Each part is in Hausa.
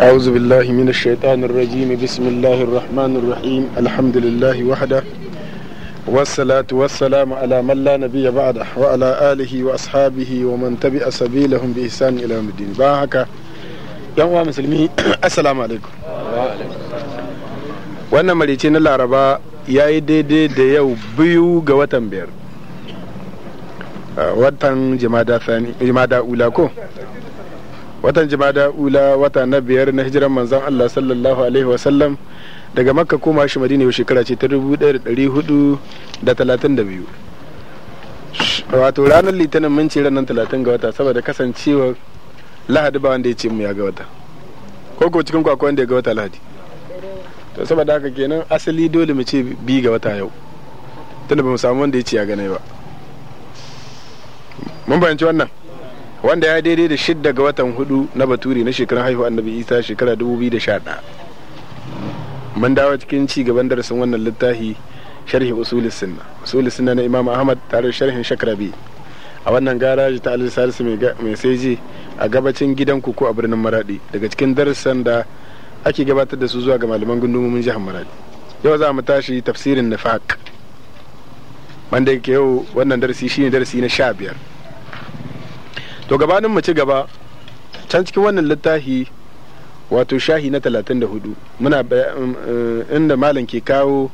أعوذ بالله من الشيطان الرجيم بسم الله الرحمن الرحيم الحمد لله وحده والصلاة والسلام على من لا نبي بعده وعلى آله وأصحابه ومن تبع سبيلهم بإحسان إلى يوم الدين باهكا يا مسلمي السلام عليكم wannan marici na laraba ya yi daidai da yau biyu ga watan biyar watan jimada ula ko watan jimada ula wata na biyar na hijiran manzon Allah sallallahu alaihi wasallam daga makka koma shi madina yau shekara ce ta dubu ɗaya da ɗari hudu da talatin da biyu wato ranar litinin mun ce ranar talatin ga wata saboda kasancewa lahadi ba wanda ya ce mu ya ga wata ko ko cikin kwakwa wanda ya ga wata lahadi to saboda haka kenan asali dole mu ce bi ga wata yau tunda ba mu samu wanda ya ce ya gane ba mun bayanci wannan wanda ya daidai da shidda ga watan hudu na baturi na shekarun haihuwa annabi isa shekara 2011 mun dawo cikin ci gaban darasin wannan littafi sharhi usulis sunna usulis sunna na imam ahmad tare da sharhin shakrabi a wannan garaji ta alisa salisu mai seji a gabacin gidan kuku a birnin maradi daga cikin darasin da ake gabatar da su zuwa ga malaman gundumomin jihar maradi yau za mu tashi tafsirin nifaq wanda yau wannan darasi shine darasi na sha biyar to gabanin mu ci gaba can cikin wannan littafi wato shahi na talatin 34 muna eh, inda malam ke kawo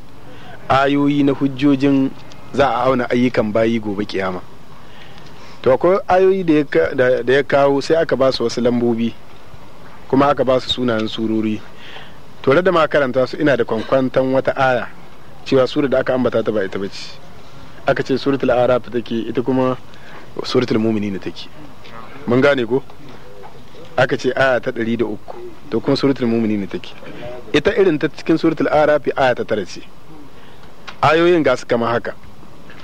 ayoyi na hujjojin za a auna ayyukan bayi gobe kiyama to akwai ayoyi da ya kawo sai aka ba su wasu lambobi kuma aka ba su sunayen surori to da ma karanta su ina da kwankwantan wata aya cewa sura da aka ambata ta ba ita ba ce aka ce suratul arafa take ita kuma suratul mu'minin take mun gane ko aka ce aya ta ɗari da uku to kuma suratul mumini ne take ita irin ta cikin suratul arafi aya ta tara ce ayoyin ga su kama haka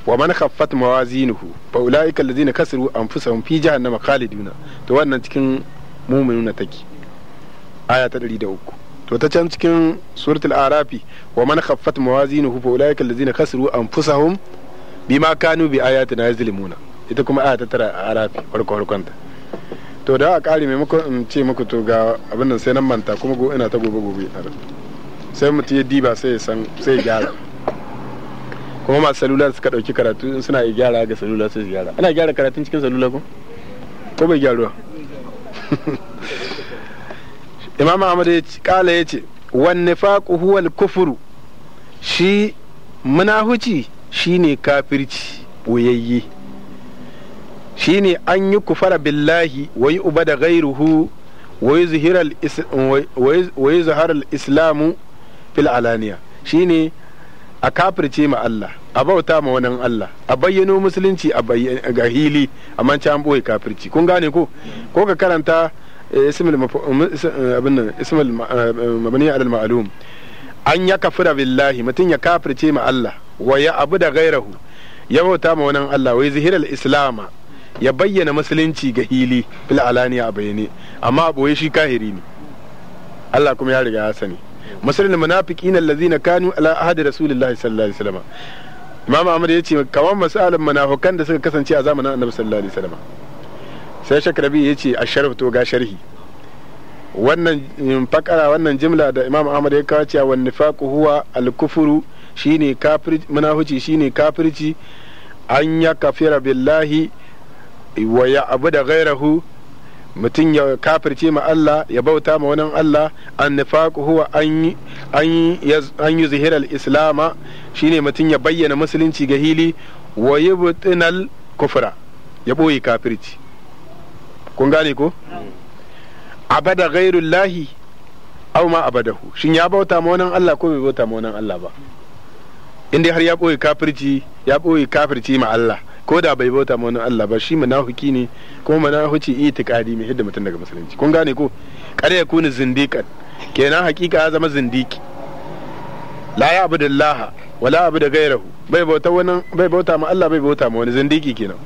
wa man khaffat mawazinuhu fa ulaika allazina kasaru anfusahum fi jahannam khaliduna to wannan cikin mu'minuna take aya ta ɗari da uku. to ta can cikin suratul arafi wa man khaffat mawazinuhu fa ulaika allazina kasaru anfusahum bima kanu bi ayatina yazlimuna ita kuma aya ta tara arafi farko ta. to da a ƙari maimakon in ce muku to ga abin sai nan manta kuma go ina ta gobe gobe sai mutum ya diba sai ya san sai ya gyara kuma masu salula suka dauki karatu in suna iya gyara ga salula sai su gyara ana gyara karatun cikin salula ko ko bai gyaruwa imam ahmad ya ci. kala ya ce wan nifaqu huwa al-kufru shi munahuci shine kafirci boyayye shine an yi kufara billahi wa yi uba da gairuhu wa yi islamu fil alaniya shine a kafirce ma Allah a bauta ma wani Allah a bayyano musulunci a ga hili amma ci an boye kafirci kun gane ko ko ka karanta eh, ismail eh, eh, mabni alal ma'alum. an ya kafira billahi mutum ya kafirce ma Allah wa ya abu da gairahu ya bauta ma wani Allah wa zuharar islama ya bayyana musulunci ga hili fil alaniya a bayyane amma abu boye shi kahiri ne Allah kuma ya riga ya sani musulun munafiqin allazina kanu ala ahadi rasulillahi sallallahu alaihi wasallam Imam Ahmad ya ce kamar misalin munafikan da suka kasance a zamanin Annabi sallallahu alaihi wasallam sai Shakrabi ya ce asharf to ga sharhi wannan mm, fakara wannan jimla da Imam Ahmad ya kawo cewa wan nifaqu huwa al-kufru shine kafir munafici shine kafirci an ya kafira billahi wa ya abu da gairahu mutum ya kafirce ma Allah ya bauta ma wani Allah an nifaqu huwa an yi zuhirar islama shine mutum ya bayyana musulunci ga hili waye butinal kufra ya ɓoye kafirci kun gane ko abada lahi aw ma abadahu shin ya bauta ma wani Allah ko bai bauta ma wani Allah ba inda har ya ɓoye kafirci ya ɓoye kafirci ma Allah ko da bai bauta ma wani Allah ba shi munafiki ne kuma munafici itikadi mai hidda mutum daga musulunci kun gane ko kare ya kuni zindiqan kenan hakika ya zama zindiki la ya wa wala abu da gairahu bai bauta wani bai bauta ma Allah bai bauta ma wani zindiki kenan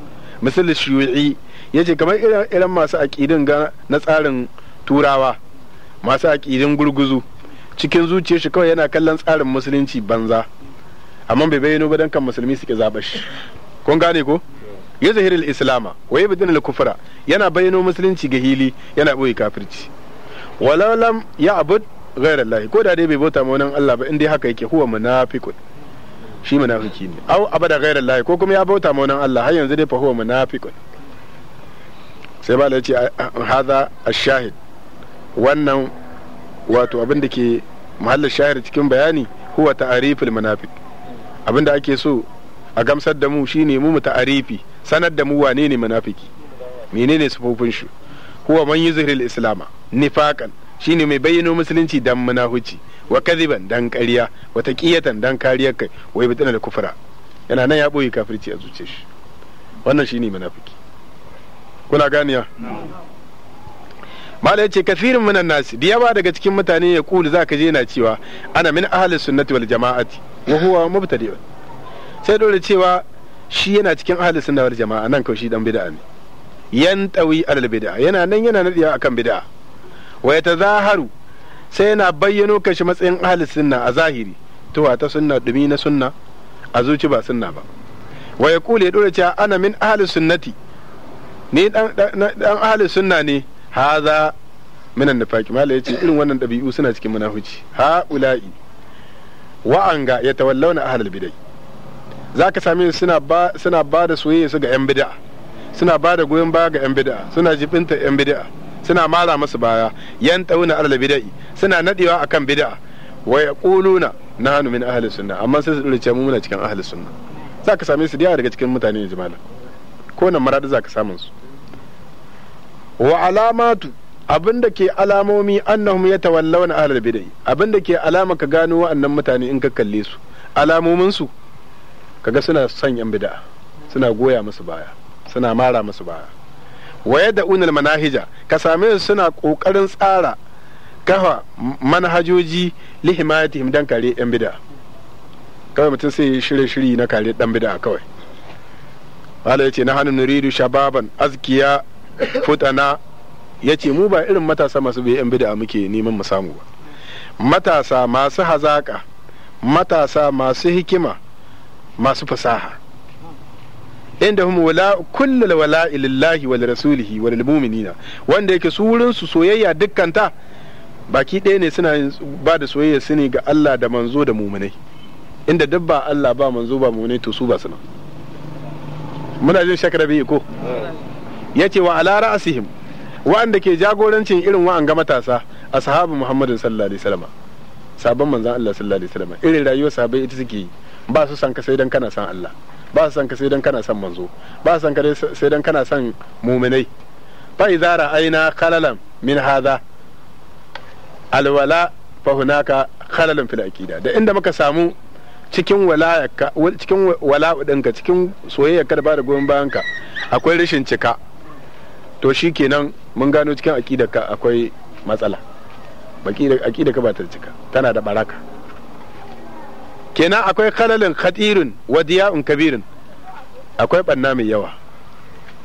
misali shuyi yace kamar irin masu aqidin ga na tsarin turawa masu aqidin gurguzu cikin zuciyar shi kawai yana kallon tsarin musulunci banza amma bai bayyano ba dan kan musulmi suke zaba shi kun gane ko ya zahiril islama wa ya bidin kufra yana bayyano musulunci ga hili yana boye kafirci Wala lam ya abud ghairar lahi ko da dai bai bauta ma Allah ba indai haka yake huwa munafiqun shi munafiki ne au abada ghairar lahi ko kuma ya bauta ma Allah har yanzu dai fa huwa munafiqun sai ba ce hadha ash-shahid wannan wato abin da ke mahallin shahir cikin bayani huwa ta'riful munafiq abin da ake so a gamsar da mu shine mu arifi sanar da mu wane ne munafiki menene sufofin shi huwa man yuzhiril islama nifaqan shine mai bayyano musulunci dan munafici wa kadiban dan ƙarya wa taqiyatan dan kariyar kai wai bitana da kufra yana nan ya boye kafirci a zuciyar shi wannan shine munafiki kuna ganiya malai ce kafirin munan nasi da yawa daga cikin mutane ya kulu zaka je na cewa ana min ahalin sunnati wal jama'ati wa huwa mubtadi'un sai dole cewa shi yana cikin ahli sunna wal jama'a nan kawai shi dan bid'a ne yan tawi alal bid'a yana nan yana nadiya akan bid'a wa yatazaharu sai yana bayyano kashi matsayin ahli sunna a zahiri tuwa ta sunna dumi na sunna a zuci ba sunna ba wa ya kule dole cewa ana min ahli sunnati ni dan ahli sunna ne haza minan nifaqi mala yace irin wannan dabi'u suna cikin munafici ha ula'i wa anga yatawallawna ahlul bid'ah za ka same suna ba suna ba da soyayya su ga yan bid'a suna ba da goyon baya ga yan bid'a suna jibinta yan bid'a suna mara masu baya yan tauna alal bida'i suna nadewa a kan bid'a wa na hannu min ahli sunna amma sai su dace mu muna cikin ahli sunna za ka same su diya daga cikin mutane ne jimala ko nan maradi za ka samun su wa alamatu abin da ke alamomi annahum na ahalar bida'i abin da ke alama ka gano wa'annan mutane in ka kalle su alamomin su kaga suna son yan bid'a suna goya musu baya suna mara musu baya waye da unal manahija ka same su suna kokarin tsara kafa manhajoji li himayatihim dan kare yan bid'a kawai mutum sai ya shirye shiri na kare dan bid'a kawai wala yace na hannun nuridu shababan azkiya futana yace mu ba irin matasa masu bi yan bid'a muke neman mu samu ba matasa masu hazaka matasa masu hikima masu fasaha inda hum wala kullul wala lillahi wal rasulihi wal mu'minina wanda yake su wurin su soyayya dukkanta baki ɗaya ne suna ba da soyayya su ne ga Allah da manzo da mu'minai inda duk ba Allah ba manzo ba mu'minai to su ba suna muna jin shakar bi ko yace wa ala ra'sihim wa'anda ke jagorancin irin wa'an ga matasa ashabu muhammadin sallallahu alaihi wasallam sabon manzon Allah sallallahu alaihi wasallam irin rayuwar sahabbai ita suke yi ba su san ka sai dan kana san Allah ba su san ka sai dan kana san manzo ba su san ka sai dan kana san muminai fa idza ra'ayna khalalan min hadha alwala fa hunaka khalalan fil aqida da inda muka samu cikin walayaka cikin wala'u dinka cikin soyayyarka da ba da goyon bayanka akwai rashin cika to shi mun gano cikin aqidarka akwai matsala aqidarka ba ta cika tana da baraka kenan akwai kalalin khatirin wa diya'un kabirin akwai banna mai yawa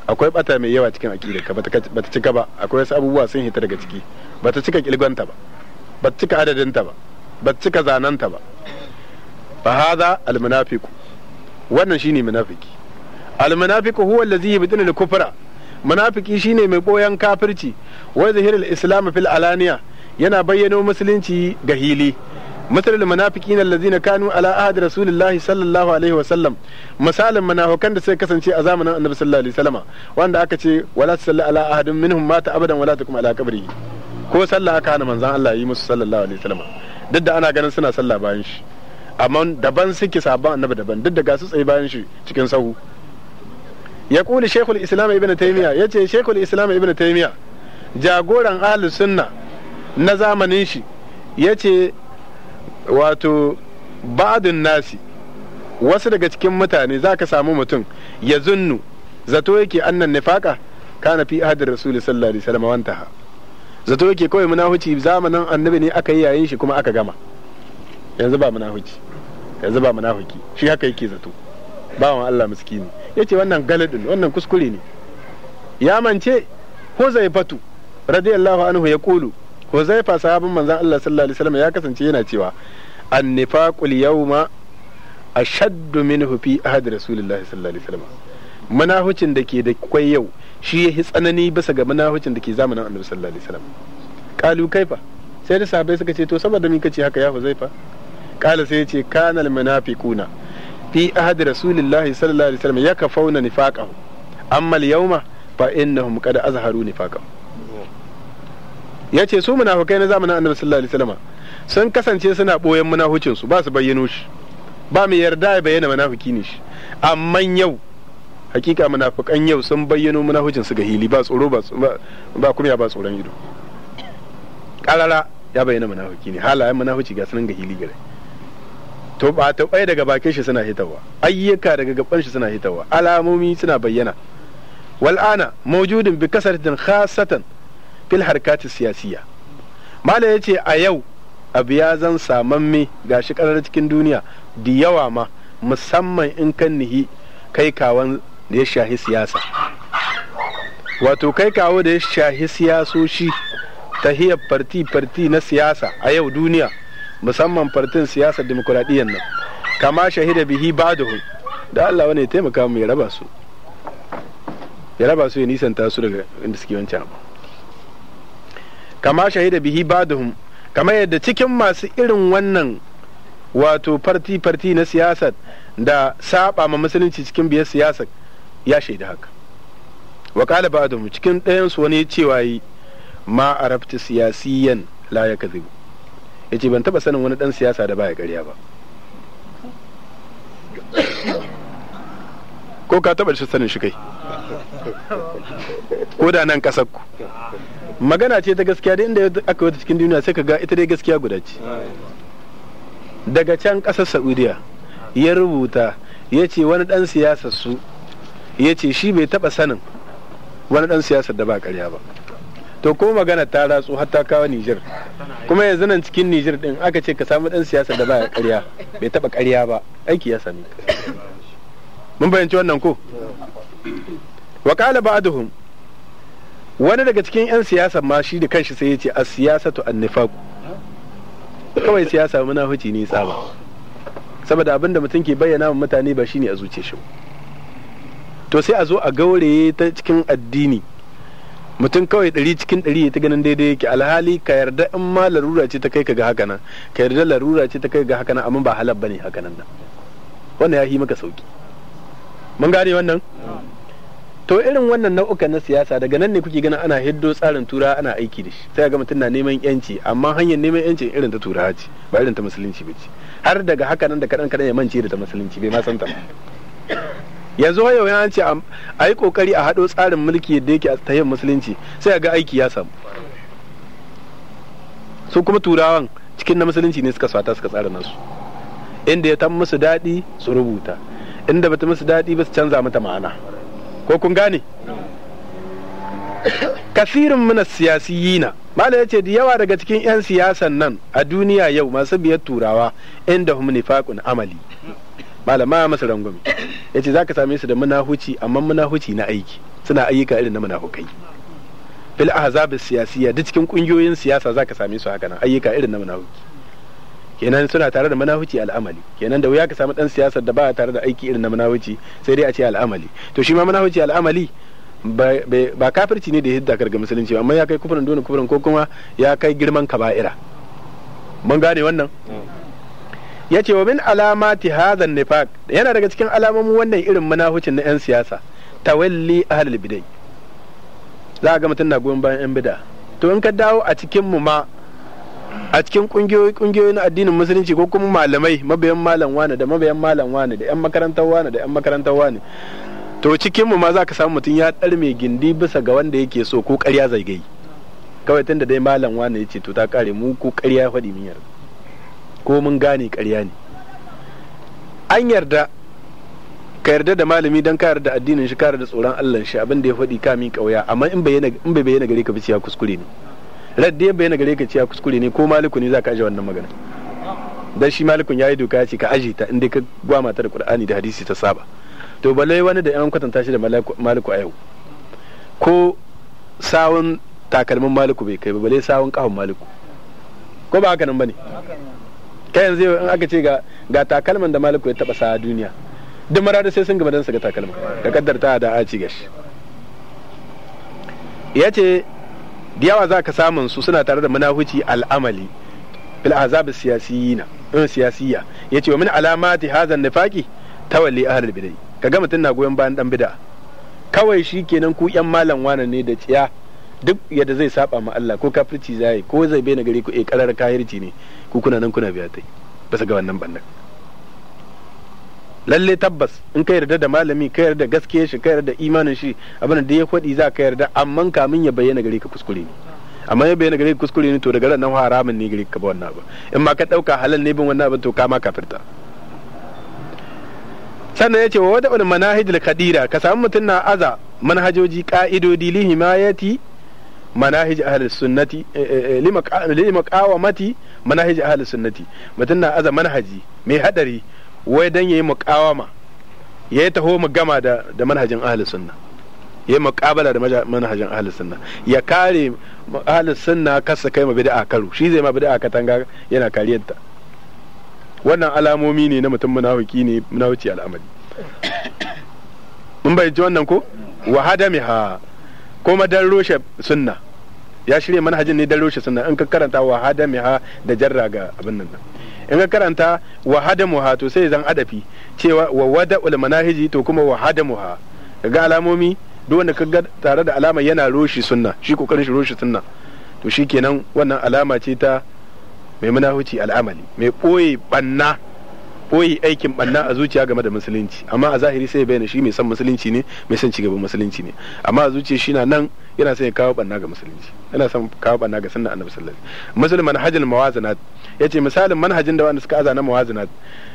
akwai bata mai yawa cikin aqidar ka bata cika ba akwai wasu abubuwa sun hita daga ciki bata cika kilgonta ba bata cika adadinta ba bata cika zananta ba fa hadha al munafiqu wannan shine munafiki al munafiqu huwa allazi yabtina al kufra munafiki shine mai boyan kafirci wa zahiril islam fil alaniya yana bayyano musulunci ga hili masalul munafiqina allazina kanu ala ahdi rasulillahi sallallahu alaihi wa sallam misalin munafikan da suka kasance a zamanin annabi sallallahu alaihi wasallam wanda aka ce wala tusalli ala ahadin minhum mata abadan wala takum ala qabri ko sallah aka hana manzon Allah yi musu sallallahu alaihi wasallam duk da ana ganin suna sallah bayan shi amma daban suke sabon annabi daban duk da ga su tsaye bayan shi cikin sahu ya kuli shekul islam ibn taymiya ya ce shekul islam ibn taymiya jagoran ahlus sunna na zamanin shi ya ce wato ba'adun nasi wasu daga cikin mutane za ka samu mutum ya zunnu zato yake annan nifaka kana fi ahadin rasuli sallallahu alaihi wasallam wantaha zato yake kawai munahuci zamanin annabi ne aka yi yayin shi kuma aka gama yanzu ba munahuci yanzu ba munahuki shi haka yake zato ba wa Allah miskini yace wannan galadin wannan kuskure ne ya mance Huzaifatu radiyallahu anhu ya kulu Huzaifa sahabin manzon Allah sallallahu alaihi wasallam ya kasance yana cewa annifaqul yawma ashaddu minhu fi ahad rasulillahi sallallahu alaihi wasallam munahucin da ke da kwai yau shi ya tsanani bisa ga munahucin da ke zamanin annabi sallallahu alaihi wasallam kalu kaifa sai da sahabbai suka ce to saboda mun kace haka ya Huzaifa kala sai ya ce kanal munafiquna fi ahad rasulillahi sallallahu alaihi wasallam yakfauna nifaqahu amma al-yawma fa innahum qad azharu nifaqahu ya ce su munafukai na zamanin annabi sallallahu alaihi wasallam sun kasance suna boyen munafucin su ba su bayyano shi ba mu yarda ya bayyana munafiki ne shi amma yau hakika munafukan yau sun bayyano munafucin su ga hili ba tsoro ba ba kuma ba tsoron ido karara ya bayyana munafiki ne halayen munafuci ga sunan ga hili gare to ba ta daga bakin shi suna hitawa ayyuka daga gaban shi suna hitawa alamomi suna bayyana wal'ana mawjudin bi kasaratin khasatan fil harkati siyasiya malam ya ce a yau abu ya zan samamme shi karar cikin duniya da yawa ma musamman in kan nihi kai kawan da ya shahi siyasa wato kai kawo da ya shahi siyasoshi ta hiyar farti-farti na siyasa a yau duniya musamman fartin siyasa demokuraɗiyyar nan kama shahida bihi ba da Allah wani ya taimaka mu ya raba su ya raba su ya nisanta su daga inda suke wancan abu kama shahida bihi baduhum kama yadda cikin masu irin wannan wato farti farti na siyasar da saba ma musulunci cikin biyar siyasar ya shaida haka wa kala baduhum cikin ɗayan su wani cewa yi ma arabta siyasiyan la yakzibu yace ban taba sanin wani dan siyasa da baya ƙarya ba ko ka taba shi sanin shi kai ko da nan kasar ku magana ce ta gaskiya da inda aka wata cikin duniya sai ka ga ita dai gaskiya guda ce daga can kasar saudiya ya rubuta ya ce wani ɗan siyasar su ya ce shi bai taɓa sanin wani ɗan siyasar da ba karya ba to ko magana ta ratsu har ta kawo Nijar kuma yanzu nan cikin Nijar din aka ce ka samu ɗan siyasar da ba karya bai taɓa ƙarya ba aiki ya sami mun bayanci wannan ko wa ba'aduhum wani daga cikin 'yan siyasa ma shi da kanshi sai ya ce a siyasatu annifaku kawai siyasa huci ne tsaba saboda abin da mutum ke bayyana wa mutane ba ne a zuce shi to sai a zo a gaure ta cikin addini mutum kawai ɗari cikin ɗari ya ta ganin daidai yake alhali ka yarda in ma larura ce ta kai ka ga haka nan ka yarda larura ce ta kai ga haka nan amma ba halal bane haka nan wannan ya yi maka sauki mun gane wannan to irin wannan nau'ukan na siyasa daga nan ne kuke ganin ana hiddo tsarin tura ana aiki da shi sai ga mutum na neman yanci amma hanyar neman yanci irin ta turawa ce ba irin ta musulunci ba ce har daga haka nan da kadan kadan ya mance da ta musulunci bai ma san ta ba yanzu yau ya ce a yi kokari a haɗo tsarin mulki da yake a tahiyyar musulunci sai ga aiki ya samu su kuma turawan cikin na musulunci ne suka swata suka tsara nasu inda ya tan musu daɗi su rubuta inda bata musu daɗi ba su canza mata ma'ana ko kun gane kasirin muna siyasiyina malam yace da yawa daga cikin 'yan siyasan nan a duniya yau masu biyar turawa inda hum nifaqun amali malama masu rangwame yace zaka same su da munahuci amma munahuci na aiki suna ayyuka irin na munafukai fil ahzab siyasiya duk cikin kungiyoyin siyasa zaka same su haka nan ayyuka irin na munafuki kenan suna tare da manahuci al'amali kenan da wuya ka samu dan siyasar da ba tare da aiki irin na manahuci sai dai a ce al'amali to shi ma manahuci al'amali ba kafirci ne da hidda karga musulunci amma ya kai kufurin dole kufurin ko kuma ya kai girman kaba'ira mun gane wannan hmm. ya ce wa min alamati hadhan nifaq yana daga cikin alamomin wannan irin manahucin na yan siyasa tawalli ahlul bidai za ga mutum na goyon bayan yan bida to in ka dawo a cikin mu ma a cikin kungiyoyi kungiyoyi na addinin musulunci ko kuma malamai mabiyan malam wane da mabiyan malam wane da yan makarantar wane da yan makarantar wane to cikin mu ma za ka samu mutum ya dar mai gindi bisa ga wanda yake so ko ƙarya gai. kawai tunda dai malam wane yace to ta kare mu ko ƙarya ya faɗi min yarda ko mun gane ƙarya ne an yarda ka yarda da malami dan ka yarda addinin shi ka yarda tsoron Allah shi abin da ya faɗi ka min kauya amma in bai bayyana gare ka bi ya kuskure ne radda ya bayyana gare ka cewa kuskure ne ko maliku ne za ka aje wannan magana dan shi malikun yayi doka ce ka aje ta inda ka gwa mata da qur'ani da hadisi ta saba to balle wani da yan kwatanta shi da maliku a yau ko sawun takalmin maliku bai kai ba balle sawun kahon maliku ko ba haka nan bane kai yanzu in aka ce ga ga takalman da maliku ya taba sa a duniya duk marada sai sun gaba dan su ga takalman ka kaddar ta da a ci gashi ya ce da yawa za ka samun su suna tare da munafuci al'amali bil azab siyasiyina in eh, siyasiya yace wa min alamati hazan nifaqi tawalli ahlul bidai kaga mutun na goyon bayan dan bid'a kawai shi kenan ku yan malam wanan ne da tsiya duk yadda zai saba ma Allah ko kafirci zai ko zai bai na gare ku eh karar kahirci ne ku kuna nan kuna biya tai ba ga wannan bannan lalle tabbas in ka yarda da malami ka yarda gaskiya shi ka yarda imanin shi abin da ya faɗi za ka yarda amma kamin ya bayyana gare ka kuskure ne amma ya bayyana gare ka kuskure ne to daga ran nan haramun ne gare ka ba wannan abu in ma ka ɗauka halal ne bin wannan abin to ka ma kafirta sannan ya ce wa wada manahij al-kadira ka samu mutum na aza manhajoji ka'idodi li himayati manahij ahli sunnati eh, eh, eh, li maqawamati manahij ahli sunnati mutum na aza manhaji mai hadari wai dan yayi muqawama yayi taho mu gama da da manhajin ahli sunna yayi muqabala da manhajin ahli sunna ya kare ahli sunna kasa kai ma bid'a karu shi zai ma bid'a katanga yana kariyarta wannan alamomi ne na mutum munafiki ne munafici al'amari mun bai ji wannan ko wa hadamiha kuma dan roshe sunna ya shirya manhajin ne dan roshe sunna in ka karanta wa hadamiha da jarra ga abin nan in ka karanta wa hadamuha to sai zan adafi cewa wa ul manahiji to kuma wa hadamuha ga alamomi duk wanda ga tare da alama yana roshi sunna shi kokarin shi roshi sunna to shikenan wannan alama ce ta mai munahuci al'amali mai ɓoye banna koyi aikin banna a zuciya game da musulunci amma a zahiri sai ya bayyana shi mai son musulunci ne mai son cigaban musulunci ne amma a zuciya shi na nan yana son ya kawo banna ga musulunci yana son kawo banna ga sunna annabi sallallahu alaihi wasallam musulman manhajul mawazinat yace misalin manhajin da wanda suka aza na mawazinat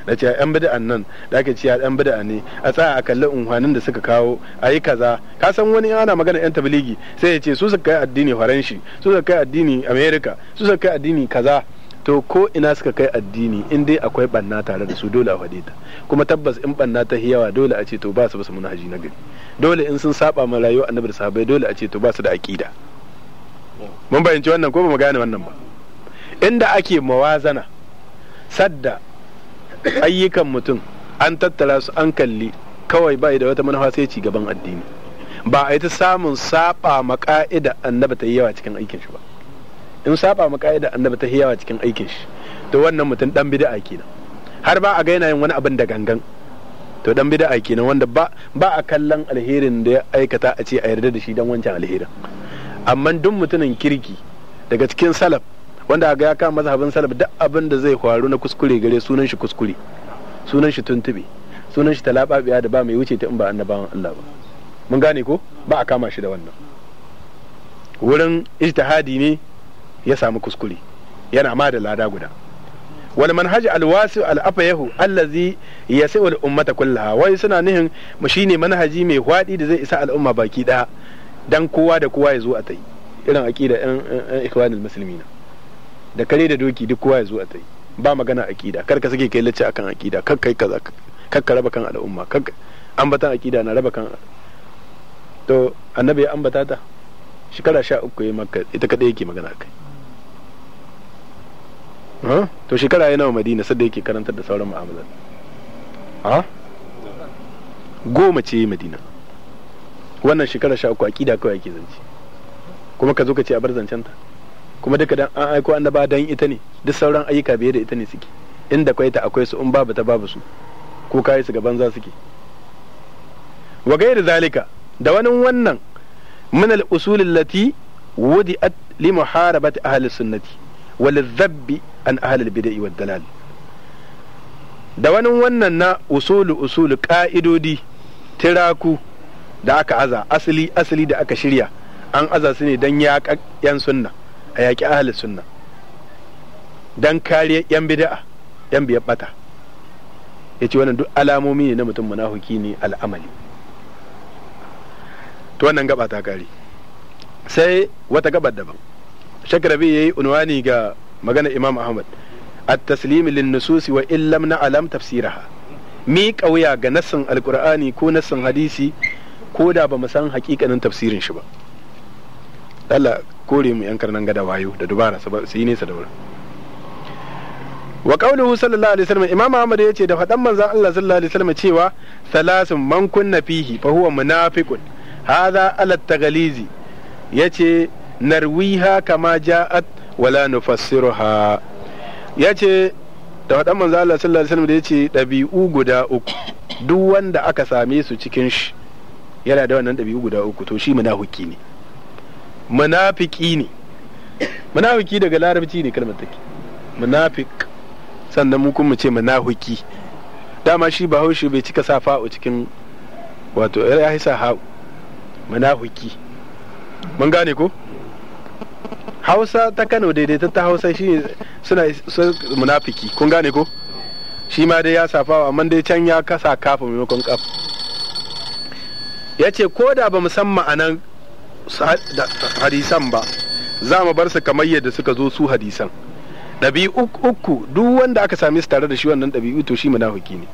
da ce yan bid'an nan da ake cewa yan bid'a ne a tsaya a kalli unhwanin da suka kawo ayi kaza ka san wani ana magana yan tabligi sai ya ce su suka kai addini faranshi su suka kai addini america su suka kai addini kaza to ko ina suka kai addini in dai akwai banna tare da su dole a faɗe ta kuma tabbas in banna ta yawa dole a ce to ba su ba su manhaji na gari dole in sun saba ma rayuwa annabi da sahabbai dole a ce to ba su da aqida mun bayyance wannan ko ba mu gane wannan ba inda ake mawazana sadda ayyukan mutum an tattara su an kalli kawai bai da wata manufa sai ci gaban addini ba a yi ta samun saba ma ka'ida annabi ta yawa cikin aikin shi ba in saba mu ka'ida annabi ta hiyawa cikin aikin shi to wannan mutum dan bid'a kenan har ba a ga yana yin wani abin da gangan to dan bid'a kenan wanda ba ba a kallon alherin da ya aikata a ce a yarda da shi dan wancan alherin amma duk mutumin kirki daga cikin salaf wanda ga ya kama mazhabin salaf duk abin da zai faru na kuskure gare sunan shi kuskure sunan shi tuntube sunan shi talababiya da ba mai wuce ta in ba annabawan Allah ba mun gane ko ba a kama shi da wannan wurin ijtihadi ne ya samu kuskure yana ma da lada guda wal manhaj al wasi al afayahu allazi yasi'u al ummata kullaha wai suna nihin mu shine manhaji mai hwadi da zai isa al'umma baki da dan kowa da kowa ya zo a tai irin aqida ɗan ikwanul muslimina da kare da doki duk kowa ya zo a tai ba magana aqida kar ka sake kai lacce akan aqida kar kai kaza kar ka raba kan al'umma kar ambatan aqida na raba kan to annabi ya ambata ta shekara sha uku makka ita kadai yake magana kai to shekara yana wa madina sadda yake karantar da sauran mu'amalar ha goma ce madina wannan shekara sha uku aƙida kawai ake zance kuma ka zo ka ce a bar zancen ta kuma duka dan an aiko annaba dan ita ne duk sauran ayyuka biye da ita ne suke inda kwaita ta akwai su in babu ta babu su ko kai su gaban za suke wa gairi zalika da wani wannan min al usul allati wudi'at li muharabati ahli sunnati wal dhabbi an ahalil bid'i wad dalal da wani wannan na usulu usulu ka'idodi tiraku da aka aza asali asali da aka shirya an aza su ne don yaƙa yan sunna a yaƙi ahalin sunna don kariya yan bida'a yan biyar bata ya ce wannan duk alamomi ne na mutum munafuki ne al'amali to wannan gaba ta kare sai wata gabar daban shakarabi ya yi unwani ga magana imam ahmad at-taslim lin nusus wa illam na alam tafsiraha mi kauya ga nassin alqur'ani ko nassin hadisi ko da ba mu san hakikanin tafsirin shi ba Allah kore mu yan karnan gada wayo da dubara su yi nesa da wurin wa qauluhu sallallahu alaihi wasallam imam ahmad ya ce da fadan manzon Allah sallallahu alaihi wasallam cewa salasun man kunna fihi fa huwa munafiqun hadha ala at-taghlizi yace narwiha kama ja'at wala ha ya ce da faɗan manzo Allah sallallahu alaihi wasallam da yace ɗabi'u guda uku duk wanda aka same su cikin shi yana da wannan ɗabi'u guda uku to shi munafiki ne munafiki ne munafiki daga larabci ne kalmar take munafik sannan mu kuma ce munafiki dama shi ba haushi bai cika sa fa'o cikin wato ya sa ha munafiki mun gane ko hausa ta kano daidaita ta hausa shi suna munafiki kun gane ko shi ma dai ya safa amma dai can ya kasa kafa maimakon kaf ya ce ko da ba san ma'anan hadisan ba za mu bar su kamar yadda suka zo su hadisan ɗabi'u uku duk wanda aka sami su tare da shi wannan ɗabi'u to shi munafiki ne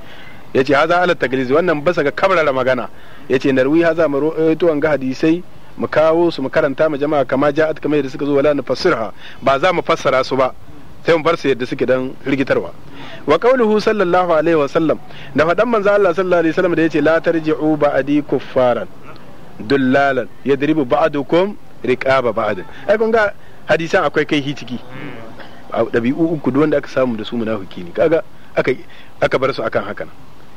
ya ce haza ala taglizi wannan sa ga kabrara magana ya ce narwi haza mu eh, ga hadisai mu kawo su mu karanta mu jama'a kama ja'at kamar yadda suka zo wala nufassirha ba za mu fassara su ba sai mu bar su yadda suke dan rigitarwa wa qauluhu sallallahu alaihi wa sallam da fadan manzo Allah sallallahu alaihi wasallam da yace la tarji'u ba'di kuffaran dullalan yadribu ba'dukum riqaba ba'd ai kun ga hadisan akwai kai hi ciki dabi'u uku duk wanda aka samu da su munafiki ne kaga aka aka bar su akan hakan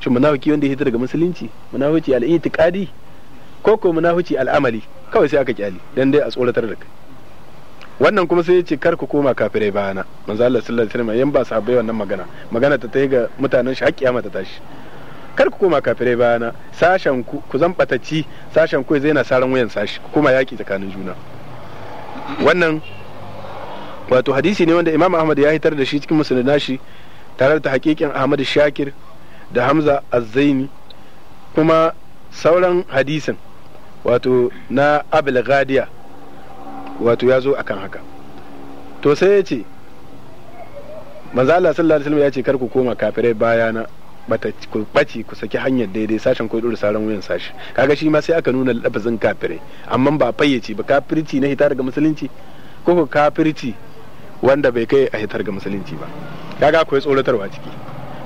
shin munafiki wanda ya hita daga musulunci munafiki al-i'tiqadi ko ko munafici al'amali kawai sai aka kyali dan dai a tsoratar da kai wannan kuma sai ya ce kar ku koma kafirai bayana manzo Allah sallallahu alaihi wasallam yan ba sahabbai wannan magana magana ta tai ga mutanen shi har kiyama ta tashi kar ku koma kafirai bayana sashen ku ku zan bataci sashen ku zai na saran wayan sashi ku koma yaki tsakanin juna wannan wato hadisi ne wanda Imam Ahmad ya hitar da shi cikin musnad nashi tare da hakikin Ahmad Shakir da Hamza Az-Zaini kuma sauran hadisin wato na abul gadiya wato ya zo akan haka to sai ya ce manzo sallallahu alaihi ya ce kar ku koma kafirai bayana bata ku bace ku saki hanyar daidai sashen ko dole saran wuyan sashi kaga shi ma sai aka nuna lafazin kafirai amma ba fayyace ba kafirci na hitar ga musulunci ko ku kafirci wanda bai kai a hitar ga musulunci ba kaga akwai tsoratarwa ciki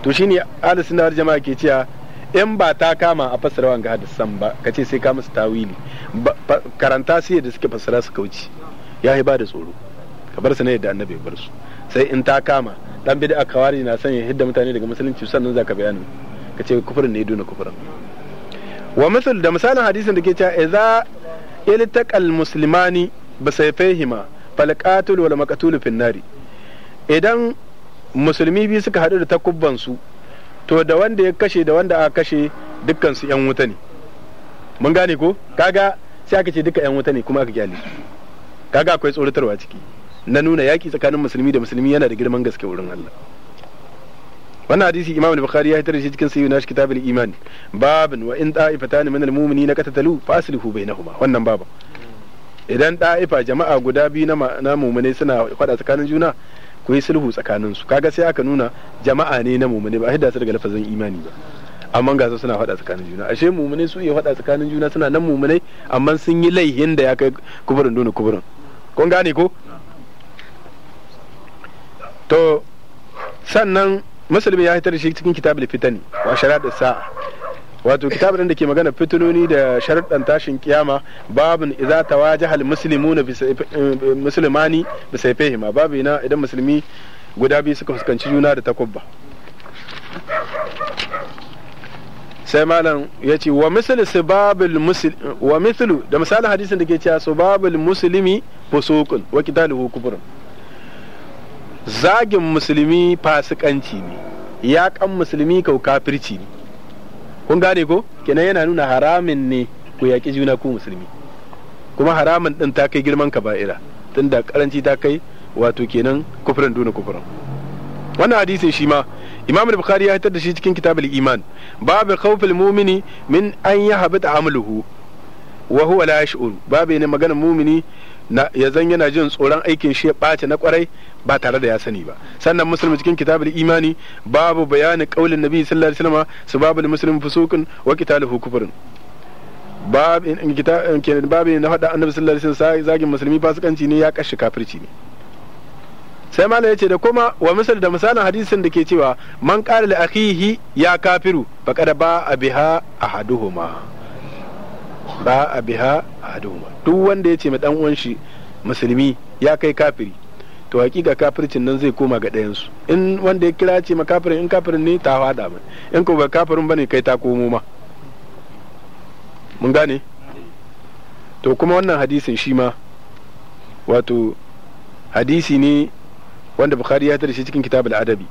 to shine ahli sunna jama'a ke cewa in ba ta kama a fasara wanga hadisan ba ka ce sai ka musu tawili karanta sai da suke fasara su kauci ya ba da tsoro ka bar su ne da annabi bar su sai in ta kama dan bid'a kawari na sanya hidda mutane daga musulunci sannan zaka bayanin ka ce kufurin ne duna kufurin wa misal da misalin hadisin da ke cewa idza iltaqal muslimani bisayfihima fal qatil wal maqtul fin nari idan musulmi bi suka hadu da takubban su to da wanda ya kashe da wanda aka kashe dukkan su yan wuta ne mun gane ko kaga sai aka ce duka yan wuta ne kuma aka gyale su kaga akwai tsoratarwa ciki na nuna yaki tsakanin musulmi da musulmi yana da girman gaske wurin Allah wannan hadisi imam bukhari ya hitar cikin sayyid nashi al iman babin wa in ta'ifatan min al-mu'minina qatatalu fasilhu bainahuma wannan babu idan da'ifa jama'a guda biyu na na mu'mine suna kwada tsakanin juna ku yi sulhu tsakanin su kaga sai aka nuna jama'a ne na mumune ba hidda su daga lafazin imani ba amma ga su suna faɗa tsakanin juna ashe mumuni su iya faɗa tsakanin juna suna nan mumune amma sun yi laihin da ya kai kuburin duna kuburin kun gane ko to sannan musulmi ya hitar shi cikin kitabul fitani wa sharaɗin sa'a wato kitabun da ke magana fitiloni da sharɗan tashin kiyama babin idza tawajahal muslimuna eh, musulmani bi sayfihima babu ina idan musulmi guda biyu suka fuskanci juna da takubba sai malam ya ce wa misal sibabil wa mithlu da misalin hadisin da ke cewa sibabil muslimi fusuqun wa qitaluhu kufrun zagin musulmi fasikanci ne yaƙan musulmi kau kafirci ne kun gane ko kenan yana nuna haramin ne ku yaƙi juna ku musulmi kuma haramin ɗin ta kai girman kaba'ira tun da karanci ta kai wato kenan kufurin duna kufurin wannan hadisin shi ma imam bukhari ya fitar da shi cikin kitabul iman babu khawfil mumini min an yahbata amaluhu wa huwa la yash'ur babu ne maganar mumini ya zan yana jin tsoron aikin shi ya ɓace na kwarai ba tare da ya sani ba sannan musulmi cikin kitabul imani babu bayanin kaulin nabi sallallahu alaihi wasallam da musulmi fusukun wa qitaluhu kufrun babu babin na faɗa annabi sallallahu alaihi wasallam zagin musulmi fasikanci ne ya kashi kafirci ne sai malam ya ce da kuma wa misal da misalin hadisin da ke cewa man qala li akhihi ya kafiru faqad ba a biha ahaduhuma ba a biha ahaduhuma duk wanda ya ce mai dan uwan shi musulmi ya kai kafiri to hakika kafircin nan zai koma ga su in wanda ya kira ce ma kafirin in kafirin ne ta hada mai in ko ba kafirin bane kai ta komo ma mun gane to kuma wannan hadisin shi ma wato hadisi ne wanda bukhari ya tare shi cikin kitabul adabi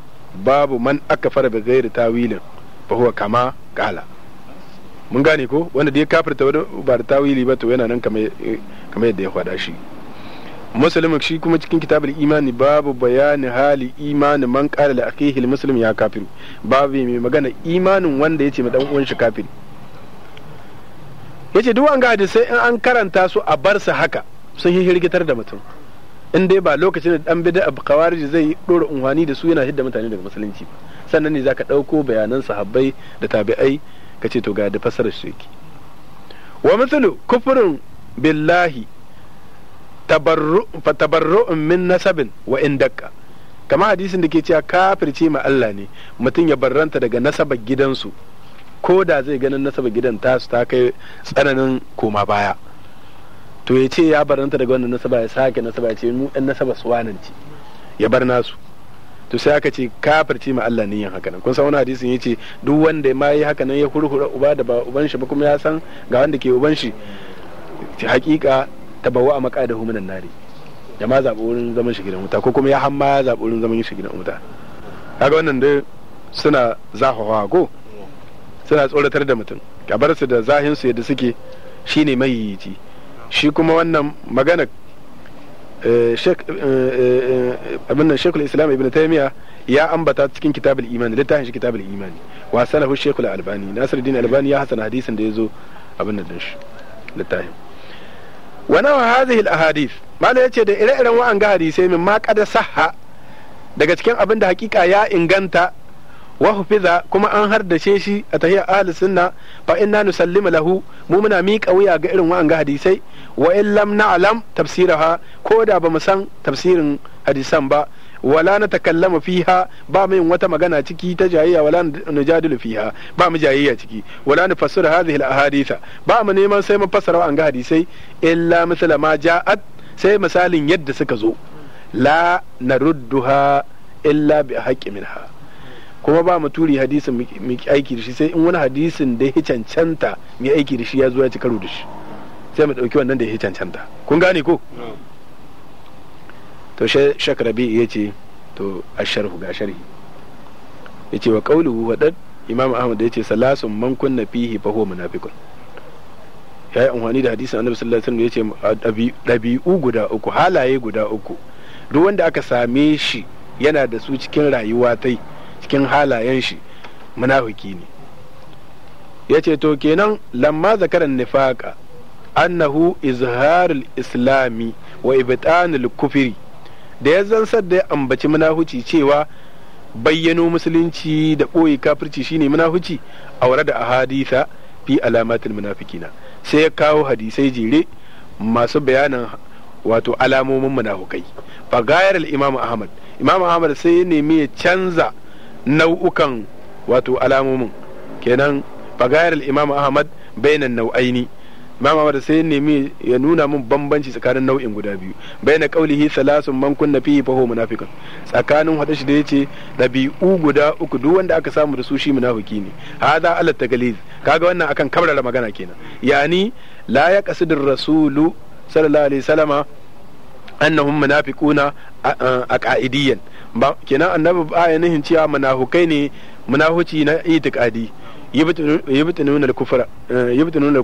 babu man aka fara bi ghairi tawilin fa huwa kama qala mun gane ko wanda da ya kafirta ba da tawili ba to yana nan kamar yadda ya faɗa shi muslim shi kuma cikin kitabul imani babu bayani hali imani man qala li akhihi muslim ya kafiru babu mai magana imanin wanda yace ma dan uwan shi kafiri yace duk an ga sai in an karanta su a bar su haka sun hirgitar da mutum in dai ba lokacin da dan bid'a qawarij zai dora unwani da su yana hidda mutane daga musulunci sannan ne zaka dauko bayanan sahabbai da tabi'ai ka ce to ga da fasarar shirki wa mithlu kufrun billahi tabarru'un min nasabin wa indaka kama hadisin da ke cewa kafirce ma Allah ne mutum ya barranta daga nasabar gidansu ko da zai ganin nasabar gidan tasu ta kai tsananin koma baya to ya ce ya barranta daga wannan nasaba ya sake nasaba ya ce mu ɗan nasaba su wanance ya bar nasu to sai aka ce kafirci ma Allah ne yin haka nan kun san wani hadisin yace duk wanda ma yi haka nan ya hurhura uba da ba uban shi ba kuma ya san ga wanda ke uban shi hakika tabawa a maka da humunan nari da ma zaɓi wurin zaman shi gidan wuta ko kuma ya hamma ya zaɓi wurin zaman shi gidan wuta kaga wannan dai suna zahawa go suna tsoratar da mutum kabar su da zahin su yadda suke shine mai yiji shi kuma wannan magana Eh, eh, eh, abin nan shekul islam ibn taymiya ya ambata cikin kitabul imani littafin shi kitabul imani wa salahu shekul albani nasiruddin albani ya hasana hadisin da ya zo abin nan shi littafin wa nawa hadhihi al ahadith mala yace da ire-iren wa'an ga hadisai min ma qad sahha daga cikin abin da hakika ya inganta wa hufiza kuma an hardashe shi a tahiya ahli sunna fa inna nusallimu lahu mu muna miƙa wuya ga irin wa'anga hadisai wa in lam na'lam tafsiraha ko da ba mu san tafsirin hadisan ba wala na takallama fiha ba mu yin wata magana ciki ta jayayya wala na jadilu fiha ba mu jayayya ciki wala na fassara hadhihi al-ahaditha ba mu neman sai mu fassara wa'anga hadisai illa misala ma ja'at sai misalin yadda suka zo la narudduha illa bi haqqi minha kuma ba mu turi hadisin mu aiki da shi sai in wani hadisin da ya cancanta mu aiki da shi ya zo ya ci karo da shi sai mu dauki wannan da ya cancanta kun gane ko to shak shakrabi ya ce to asharhu ga sharhi ya ce wa qawluhu wa dad imam ahmad ya ce salasun man kunna fihi fa huwa munafiqun ya yi amfani da hadisin annabi sallallahu alaihi wasallam ya ce dabi'u guda uku halaye guda uku duk wanda aka same shi yana da su cikin rayuwa tai cikin halayen shi munafiki ne ya ce to kenan lamma zakaran nifaka annahu izharul islami wa ibtanul kufri da ya zansar da ya ambaci munahuci cewa bayyano musulunci da ɓoye kafirci shine munahuci aure da ahaditha fi alamatul munafikina sai ya kawo hadisai jere masu bayanan wato alamomin munafukai fa gayar al-imam ahmad imam ahmad sai ya nemi ya canza nau'ukan wato alamomin kenan bagayar imam ahmad bainan nau'aini imam ahmad sai nemi ya nuna min bambanci tsakanin nau'in guda biyu baina qaulihi salasun man kunna fihi fa huwa munafiqun tsakanin hada shi da yace dabi'u guda uku duk wanda aka samu da su shi munafiki ne hada ala tagaliz kaga wannan akan kabrara magana kenan yani la yaqsidur rasulu sallallahu alaihi wasallama annahum munafiquna a qa'idiyan ba kenan annabi ba ya nihin cewa munafukai ne munafuci na itikadi yubtinuna nuna kufra eh, yubtinuna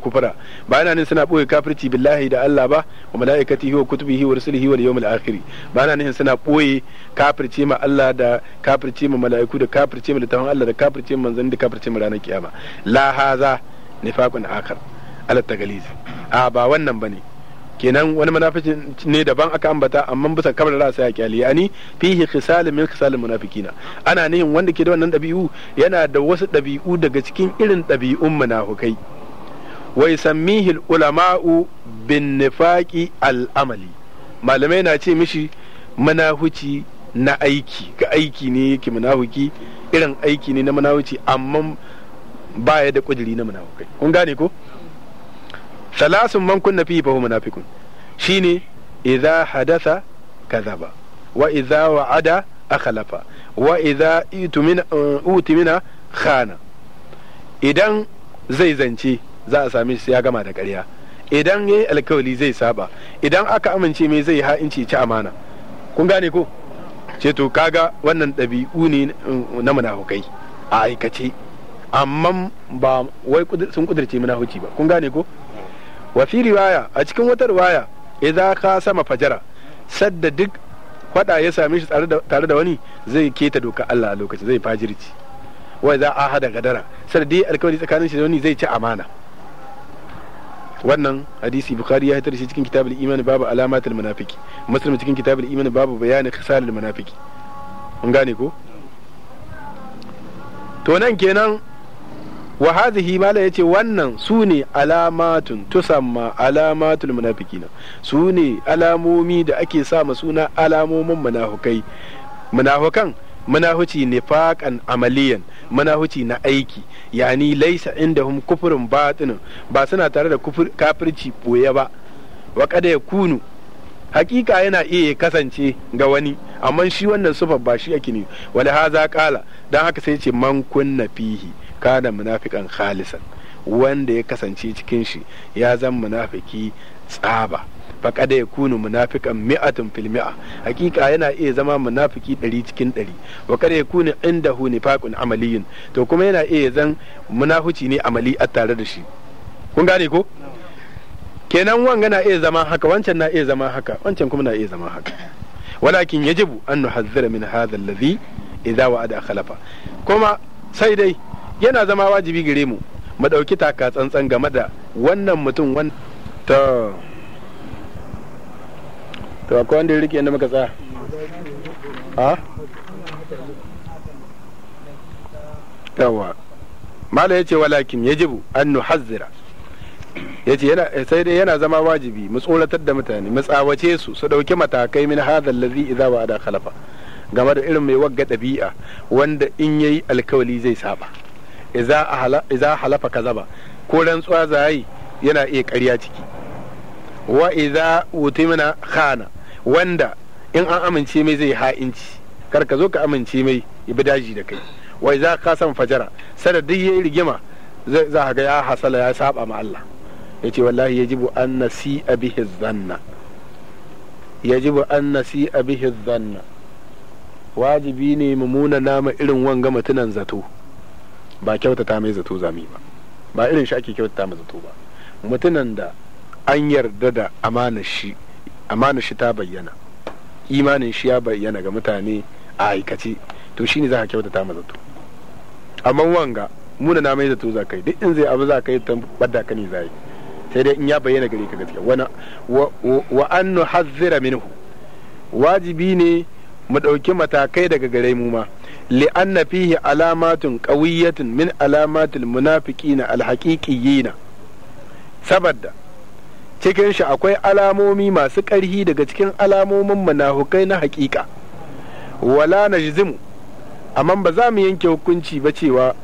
ba yana nan suna boye kafirci billahi da Allah ba wa malaikatihi wa kutubihi wa rusulihi wal yawmil akhir ba yana nan suna boye kafirci ma Allah da kafirci ma malaiku da kafirci ma littafin Allah da kafirci ma manzanni da kafirci ma ranar kiyama la haza nifaqun akhar ala tagaliz a ah, ba wannan bane kenan wani munafiki ne daban aka ambata amma bisa kamar ra sai kyale yani fihi khisal min khisal munafikina ana ne wanda ke da wannan dabi'u yana da wasu dabi'u daga cikin irin dabi'un munafukai wai yusammihi ulama'u bin nifaqi al-amali malamai na ce mishi munafici na aiki ga aiki ne yake munafiki irin aiki ne na munafici amma baya da kudiri na munafikai kun gane ko thalathun من كنا فيه فهو منافق شيني shine حدث كذب kadhaba wa idza wa'ada akhlafa wa idza من خان khana idan zai zance za a sami shi ya gama da ƙarya idan yayi alkawali zai saba idan aka amince mai zai ha'inci ci amana kun gane ko ce to kaga wannan ɗabi'u ne uh, na munafukai a aikace amma ba wai sun kudurce munafuci ba kun gane ko wa fi riwaya a cikin wata riwaya idan ka sama fajara sadda duk kwada ya same shi tare da wani zai keta doka Allah a lokacin zai fajirci wai za a hada gadara sadda dai alkawari tsakanin shi da wani zai ci amana wannan hadisi bukhari ya hitar shi cikin kitabul iman babu alamatul munafiki muslim cikin kitabul iman babu bayanin khasalul munafiki mun gane ko to nan kenan wa hadhihi mala yace wannan sune ne alamatun tusamma alamatul munafiqina su alamomi da ake sa ma suna alamomin munafukai munafukan munahuci nifaƙan amaliyan munahuci na aiki yani laisa indahum kufurin batinin ba suna tare da kafirci boye ba wa kada yakunu yana iya kasance ga wani amma shi wannan sufar ba shi yake ne wani haza kala dan haka sai ce man kunna fihi kana munafiqan khalisan wanda ya kasance cikin shi ya zan munafiki tsaba faƙada ya kunu munafikan mi'atun fil mi'a hakika yana iya zama munafiki ɗari cikin ɗari wa kada ya kunu inda hu nifaqun amaliyun to kuma yana iya zan munafuci ne amali a tare da shi kun gane ko kenan wanga na iya zama haka wancan na iya zama haka wancan kuma na iya zama haka walakin yajibu an nuhazzira min hadha alladhi idza wa'ada khalafa kuma sai dai yana zama wajibi gare mu mu ɗauki taka tsantsan game da wannan mutum wanda to akwai wanda ya rike inda muka tsaya ha yawa mala ya ce walakin ya jibu an nuhazzira ya ce eh, sai dai yana zama wajibi mu tsoratar da mutane mu tsawace su su dauki matakai min hadha allazi idza wa'ada khalafa game da irin mai wagga ɗabi'a wanda in yayi alkawali zai saba iza halafa kazaba ko rantsuwa zai yana iya karya ciki wa iza khana wanda in an amince mai zai ha'inci kar ka zo ka amince mai ibi daji da kai wai za ka san fajara sada duk yayi rigima za ga ya hasala ya saba ma Allah yace wallahi yajibu an a bihi dhanna yajibu an a bihi dhanna wajibi ne mu muna nama irin wanga mutunan zato ba kyautata mai zato zami ba ba irin shi ake kyautata mai zato ba mutumin da an yarda da amanar shi ta bayyana imanin shi ya bayyana ga mutane a aikace to shine za ka kyautata mai zato amma wanga muna na mai zato za ka yi duk in zai abu za ka yi ta bada ka ne za yi sai dai in ya bayyana gare ka gaskiya wa annu hazzira minhu wajibi ne mu ɗauki matakai daga gare mu ma anna fihi alamatun qawiyyatin min alamatil munafiqina alhaqiqiyina saboda cikin shi akwai alamomi masu ƙarhi daga cikin alamomin munafukai na haƙiƙa wala najzimu amma ba za mu yanke hukunci ba cewa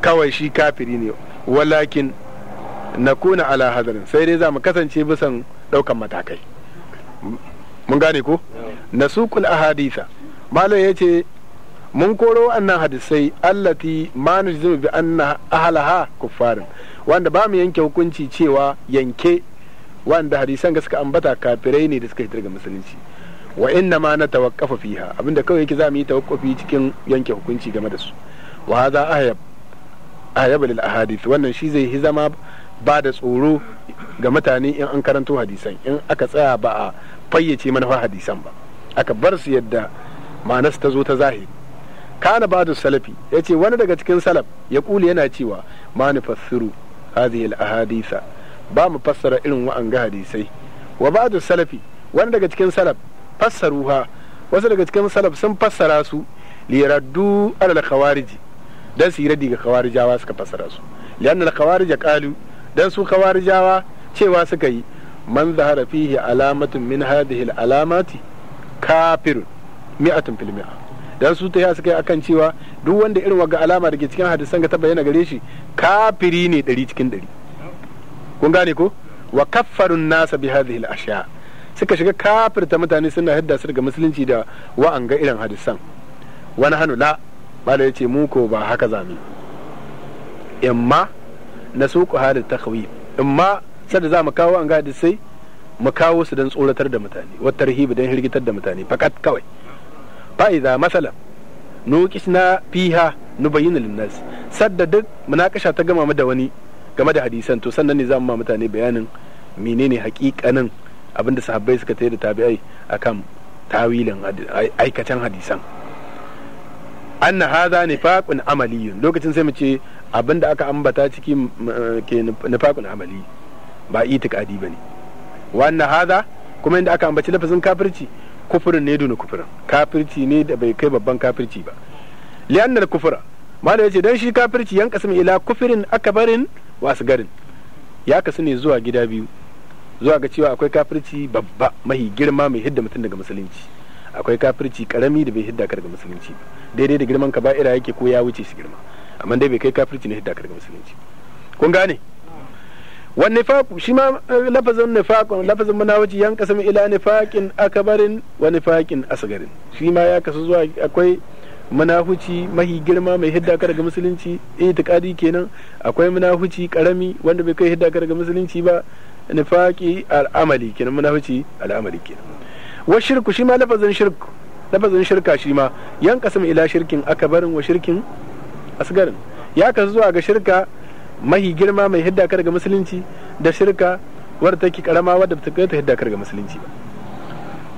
kawai shi kafiri ne walakin na kuna ala hadarin sai dai za mu kasance bisan ɗaukan matakai mun gane ko a ahaditha malam ya ce mun koro wannan hadisai allati ma nujzimu bi anna ahalaha kuffarin wanda ba mu yanke hukunci cewa yanke wanda hadisan ga suka ambata kafirai ne da suka hitar ga musulunci wa inna ma na tawakkafa fiha abinda kawai yake za mu yi tawakkafi cikin yanke hukunci game da su wa a ahyab ahyab lil ahadith wannan shi zai hi zama ba da tsoro ga mutane in an karanto hadisan in aka tsaya ba a fayyace manufar hadisan ba aka bar su yadda ma'anas ta zo ta zahiri kana da salafi yace wani daga cikin salaf ya kuli yana cewa ma fassiru hadihil a ahadisa ba mu fassara irin wa'anga hadisai wa da salafi wani daga cikin salaf fassaruha wasu daga cikin salaf sun fassara su liraddu alal khawariji dan su yi radi ga khawarijawa suka fassara su lianna al qalu dan su khawarijawa cewa suka yi man zahara fihi alamatun min alamati kafirun mi'atun fil mi'a dan su ta suka yi akan cewa duk wanda irin waga alama da ke cikin hadisan ga ta bayyana gare shi kafiri ne dari cikin dari. kun gane ko wa kaffarun nasa bi hadhihi al-ashya suka shiga kafirta mutane suna hadda su daga musulunci da ga irin hadisan wani hannu la bala ya mu ko ba haka zami imma na suku halin takhawi Sadda za mu kawo an gadi sai mu kawo su don tsoratar da mutane wata rahibu don hirgitar da mutane fakat kawai fa'iza masala na fiha bayyana linnas sadda duk munakasha ta gama da wani game da hadisan to sannan ne za mu ma mutane bayanin menene hakikanin abinda sahabbai suka tayar da tabi'ai akan tawilin aikacen hadisan anna hadha nifaqun amaliyun lokacin sai mu ce abinda aka ambata ciki eh, ke nifaqun amaliyun ba itikadi ba ne wannan hada kuma inda aka ambaci lafazin kafirci kufurin ne duna kufurin kafirci ne da bai kai babban kafirci ba da kufura ma da yace dan shi kafirci yan kasim ila kufirin akabarin wasu garin ya kasu ne zuwa gida biyu zuwa ga cewa akwai kafirci babba mahi girma mai hidda mutum daga musulunci akwai kafirci karami da bai hidda ka daga musulunci ba daidai da girman ka ba'ira yake ko ya wuce shi girma amma dai bai kai kafirci ne hidda ka daga musulunci kun gane wan nifaqu shi ma eh, lafazin nifaqun lafazin munafici yan kasamu ila nifaqin akabarin wa nifaqin asgarin shi ma ya kasu zuwa akwai munahuci mahi girma mai hidda ka daga musulunci itikadi kenan akwai munahuci karami wanda bai kai hidda ka daga musulunci ba nifaqi al'amali kenan munahuci al'amali kenan wa shirku shi ma lafazin shirku lafazin shirka shi ma yan kasam ila shirkin akabarin wa shirkin asgarin ya kasu zuwa ga shirka mahi girma mai hidda ka musulunci da shirka wadda take karama wadda ta ta hidda ka musulunci ba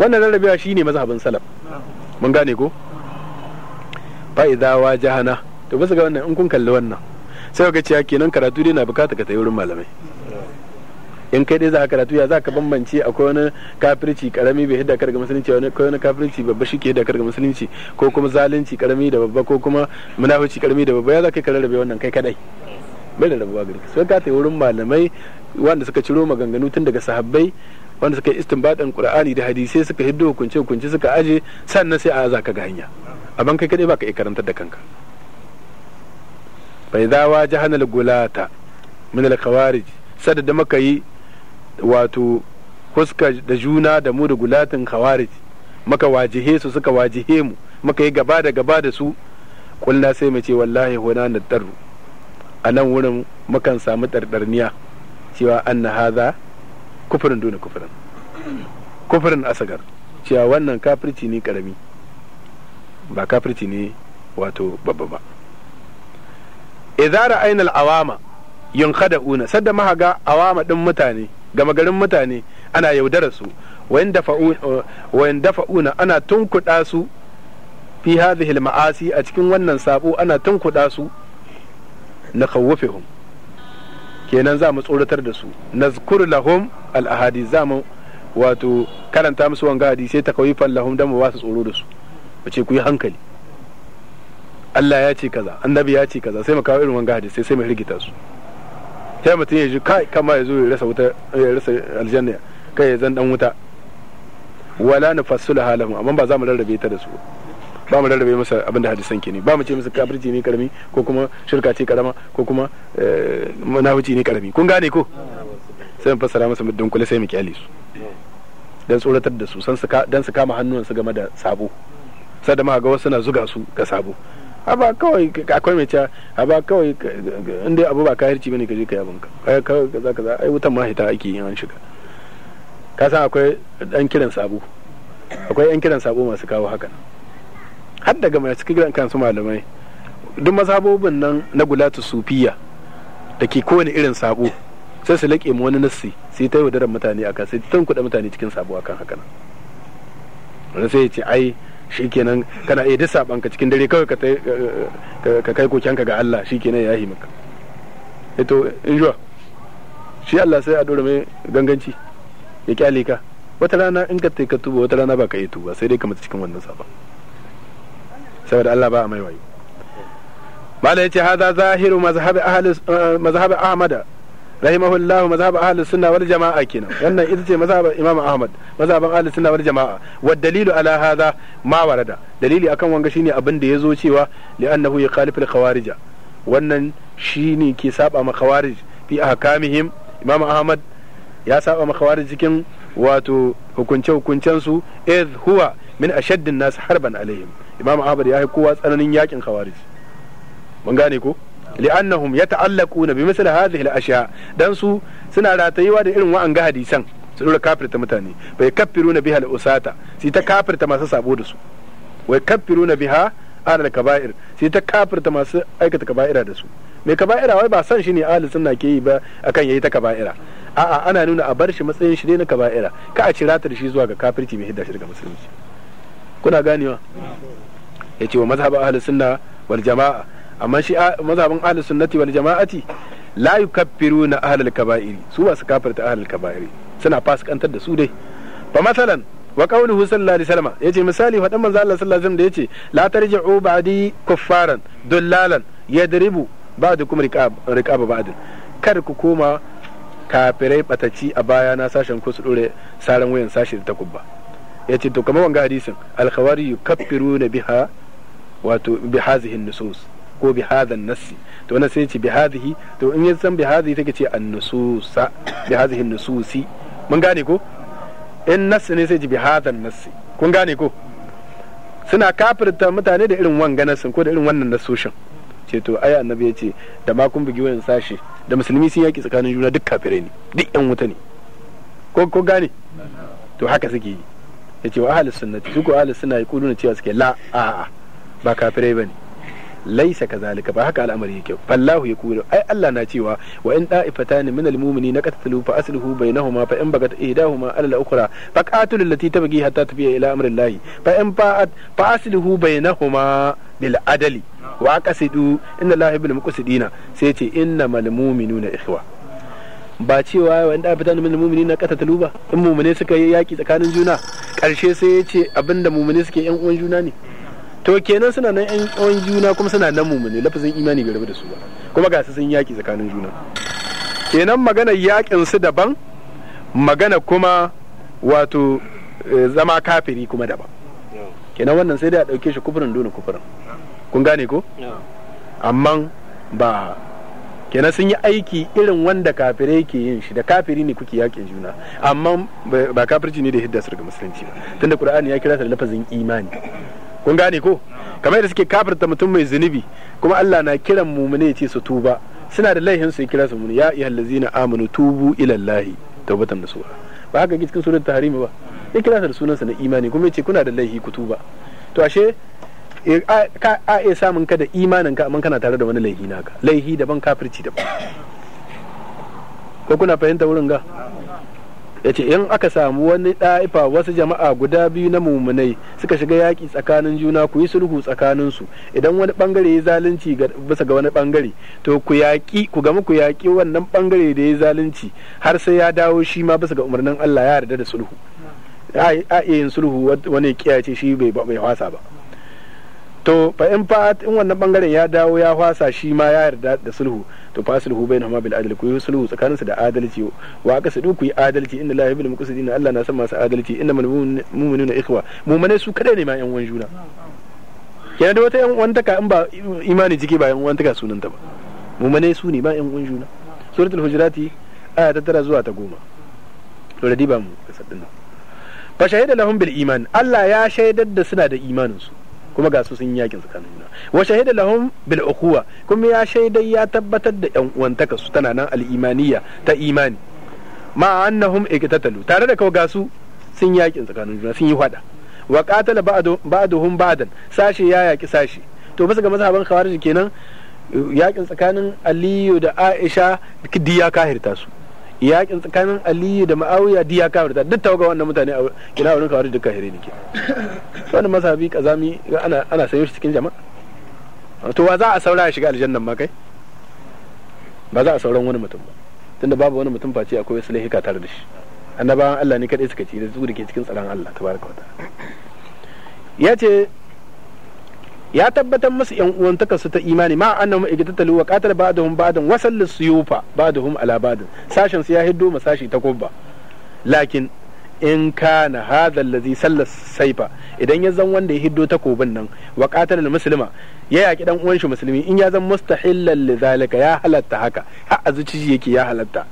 wannan rarrabewa shine mazhabin salaf mun gane ko fa idza wajahana to bisa ga wannan in kun kalli wannan sai ka ce kenan karatu dai na bukata ka tayi wurin malamai in kai dai za ka karatu ya za ka bambance akwai wani kafirci karami bai hidda karga musulunci wani akwai wani kafirci babba shi ke hidda karga musulunci ko kuma zalunci karami da babba ko kuma munafici karami da babba ya za ka karrabe wannan kai kadai bai da rabuwa gari sai ka ta wurin malamai wanda suka ciro maganganu tun daga sahabbai wanda suka yi istinbadin qur'ani da hadisai suka hiddo hukunce hukunce suka aje sannan sai a za ka ga hanya ban kai kadai baka iya karantar da kanka bai da wa jahanal gulata min al khawarij sadda da muka yi wato huska da juna da mu da gulatin khawarij maka wajihe su suka wajihe mu muka yi gaba da gaba da su kulla sai mu ce wallahi huna na daru a nan wurin mukan samu ɗarɗarniya cewa an na haza kufurin duna kufurin kufurin asagar cewa wannan kafirci ne karami ba kafirci ne wato babba ba ainihin Awama yin kada una sadda mahaga awama ɗin mutane gama garin mutane ana yaudara su wayan una ana tunkuɗa su fi hadhihi maasi a cikin wannan sabo ana tunkuɗa su na khawwafihum kenan za mu tsoratar da su nazkur lahum al ahadi za mu wato karanta musu wanga hadisai fan lahum dan mu ba su tsoro da su mu ce ku yi hankali Allah ya ce kaza annabi ya ce kaza sai mu kawo irin wanga hadisai sai mu rigita su sai mutum ya ji kai kama ya zo ya rasa wuta ya rasa aljanna kai ya zan dan wuta wala nufassula halahum amma ba za mu rarrabe ta da su ba mu rarrabe masa abin da hadisan ke ne ba mu ce masa kafirci ne karami ko kuma shirka ce karama ko kuma eh, munafici ne karami kun gane ko sai mu fassara masa muddin kula sai mu kyale su dan tsoratar da su dan su kama su game da sabo sai da ga wasu na zuga su ga sabo a ba kawai akwai mai cewa a ba kawai inda abu ba kahirci bane ka je ka yi abinka kawai kaza kaza ai wutan mahita ake yin an shiga ka san akwai dan kiran sabo akwai yan kiran sabo masu kawo hakan har daga mai cikin gidan kansu malamai duk mazhabobin nan na gulatu sufiya da ke kowane irin sabo sai su laƙe mu wani nassi sai ta yaudarar mutane akan sai ta kuɗa mutane cikin sabo akan haka nan wani sai ya ce ai shikenan kana iya duk saban ka cikin dare kawai ka kai ka ga Allah shikenan ya yi maka Ito eh in juwa shi Allah sai a dora mai ganganci ya kyale ka wata rana in ka ka tuba wata rana ba ka yi tuba sai dai ka mace cikin wannan saban saboda Allah ba a mai wayo mala yace hadha zahiru mazhab ahli eh, mazhab ahmad rahimahullah mazhab ahli sunna wal jamaa kenan wannan ita ce mazhab imam ahmad mazhaban ahli sunna wal jamaa wa dalilu ala hadha ma warada dalili akan wanga shine abin da yazo cewa annahu yukhalifu al khawarij wannan shine ke saba ma khawarij fi ahkamihim imam ahmad ya saba ma khawarij cikin wato hukunce hukuncen su idh huwa min ashaddin nas harban alaihim imam ahmad ya yi kowa tsananin yakin khawarij mun gane ko li'annahum yata'allaquna bi misl hadhihi al-ashya dan su suna ratayewa da irin wa'an ga hadisan su dora kafirta mutane bai kaffiruna biha al-usata sai ta kafirta masu sabo da su wai kaffiruna biha al kaba'ir sai ta kafirta masu aikata kaba'ira da su mai kaba'ira wai ba san shi ne ahli sunna ke yi ba akan yayi ta kaba'ira a'a ana nuna a bar shi matsayin shi ne na kaba'ira ka a cirata da shi zuwa ga kafirci mai hidda shi daga musulunci kuna ganewa ce wa mazhabin ahlus sunna wal jamaa amma shi mazhabin ahlus sunnati wal jama'ati la na ahlul kaba'iri su ba su kafirta ahlul kaba'iri suna fasikantar da su dai fa masalan wa qawluhu sallallahu alaihi wasallam yace misali dan manzo Allah sallallahu alaihi wasallam da yace la tarji'u ba'di kuffaran dullalan yadribu ba'dukum riqab riqab ba'd kar ku koma kafirai bataci a baya na sashen ku su dore saran wayan sashi da takubba yace to kamar wanga hadisin al-khawari yukaffiruna biha wato bi hazihi nusus ko bi hadhan nassi to wannan sai ce bi hadhihi to in ya san bi hadhihi take ce an nususa bi hadhihi nususi mun gane ko in nassi ne sai ce bi hadhan nassi kun gane ko suna kafirta mutane da irin wanga nassin ko da irin wannan nasoshin ce to ai annabi ya ce da ma kun bugi wayan sashi da musulmi sun yaki tsakanin juna duk kafirai ne duk yan wuta ne ko ko gane to haka suke yi ya ce wa ahlus sunnati su ko ahalus sunna yaquluna cewa suke la a'a ba kafirai bane laisa kazalika ba haka al'amari yake fallahu ya kula ai Allah na cewa wa in da'ifatan min al-mu'mini na qatatalu fa aslihu bainahuma fa in bagat idahuma ala al-ukhra fa qatul allati tabghi hatta tafiya ila amri Allah fa in fa'at fa aslihu bainahuma bil adli wa qasidu inna Allah ibn muqsidina sai ce innamal mu'minuna ikhwa ba cewa wa in da'ifatan min al-mu'mini na qatatalu ba in mu'mine suka yi yaki tsakanin juna karshe sai ya ce abinda mu'mine suke yan uwan juna ne to kenan suna nan yan tsawon juna kuma suna nan mumune lafazin imani bai rabu da su ba kuma ga su sun yaki tsakanin juna kenan magana yakin su daban magana kuma wato eh, zama kafiri kuma daban kenan wannan sai dai a dauke shi kufurin duna kufurin kun gane ko amma ba kenan sun yi aiki irin wanda kafire ke yin shi da kafiri ne kuke yakin juna amma ba kafirci ne da hiddasar ga musulunci ba tunda qur'ani ya kira ta lafazin imani kun gane ko kamar da suke kafirta mutum mai zunubi kuma Allah na kiran mu ya ce su tuba suna da laihin su kira su mun ya ayyuhal ladzina amanu tubu ila tawbatan nasuha ba haka cikin surar tahrim ba ya kira su da sunansa na imani kuma ya ce kuna da laihi ku tuba to ashe a iya samun ka da imanin ka amma kana tare da wani laihi naka laihi daban kafirci daban ko kuna fahimta wurin ga ya ce in aka samu wani ɗa'ifa wasu jama'a guda biyu na mumunai suka shiga yaƙi tsakanin juna ku yi sulhu tsakanin su idan wani bangare ya zalunci bisa ga wani bangare to ku yaƙi ku gamu ku yaƙi wannan bangare da ya zalunci har sai ya dawo shi ma bisa ga umarnin Allah ya yarda da sulhu a iya yin sulhu wani ce shi bai wasa ba to fa in fa in wannan bangaren ya dawo ya wasa shi ma ya yarda da sulhu to fasilhu bainahuma bil adl ku yi sulhu tsakaninsu da adalci wa aka sadu ku yi adalci inna la yuhibbul muqsitin Allah na san masu adalci inna mu'minuna ikhwa mu mu'mine su kadai ne ma yan uwan juna yana da wata yan uwan taka in ba imani jiki ba yan uwan taka sunan ta ba mu mu'mine su ne ma yan uwan juna suratul hujurati aya ta tara zuwa ta goma to da diba mu kasadin fa shahida lahum bil iman Allah ya shaidar da suna da imanin su kuma ga su sun yi yakin tsakanin wa shahida lahum bil ukhuwa kuma ya shaidai ya tabbatar da yan uwantaka su tana nan al imaniya ta imani ma annahum iqtatalu tare da kawai ga su sun yakin tsakanin juna sun yi fada wa qatala ba'duhum ba'dan sashi ya yaƙi sashi to bisa ga mazhaban khawarij kenan yaƙin tsakanin aliyu da aisha duk ka kahirta su yakin tsakanin aliyu da ma'awiya diya ya da duk tawaga wannan mutane a ina wurin kawar duk kahiri ne ke wani masabi kazami ana ana shi cikin jama'a to wa za a saura ya shiga aljannan ma kai ba za a sauran wani mutum ba tunda babu wani mutum face akwai wasu laifuka tare da shi annabawan Allah ne kadai suka ci da su da ke cikin tsaron Allah tabaraka wa ta'ala ce ya tabbatar musu yan uwantaka su ta imani ma annahum igtatalu wa qatala ba'dahum ba'dan wa sallu suyufa ba'dahum ala ba'd sashin su ya hiddo ma sashi ta kubba lakin in kana hadha allazi salla saifa idan ya zan wanda ya hiddo ta takobin nan wa qatala muslima ya yaki dan uwan shi musulmi in ya zan mustahillan li zalika ya halatta haka ha azuci yake ya halatta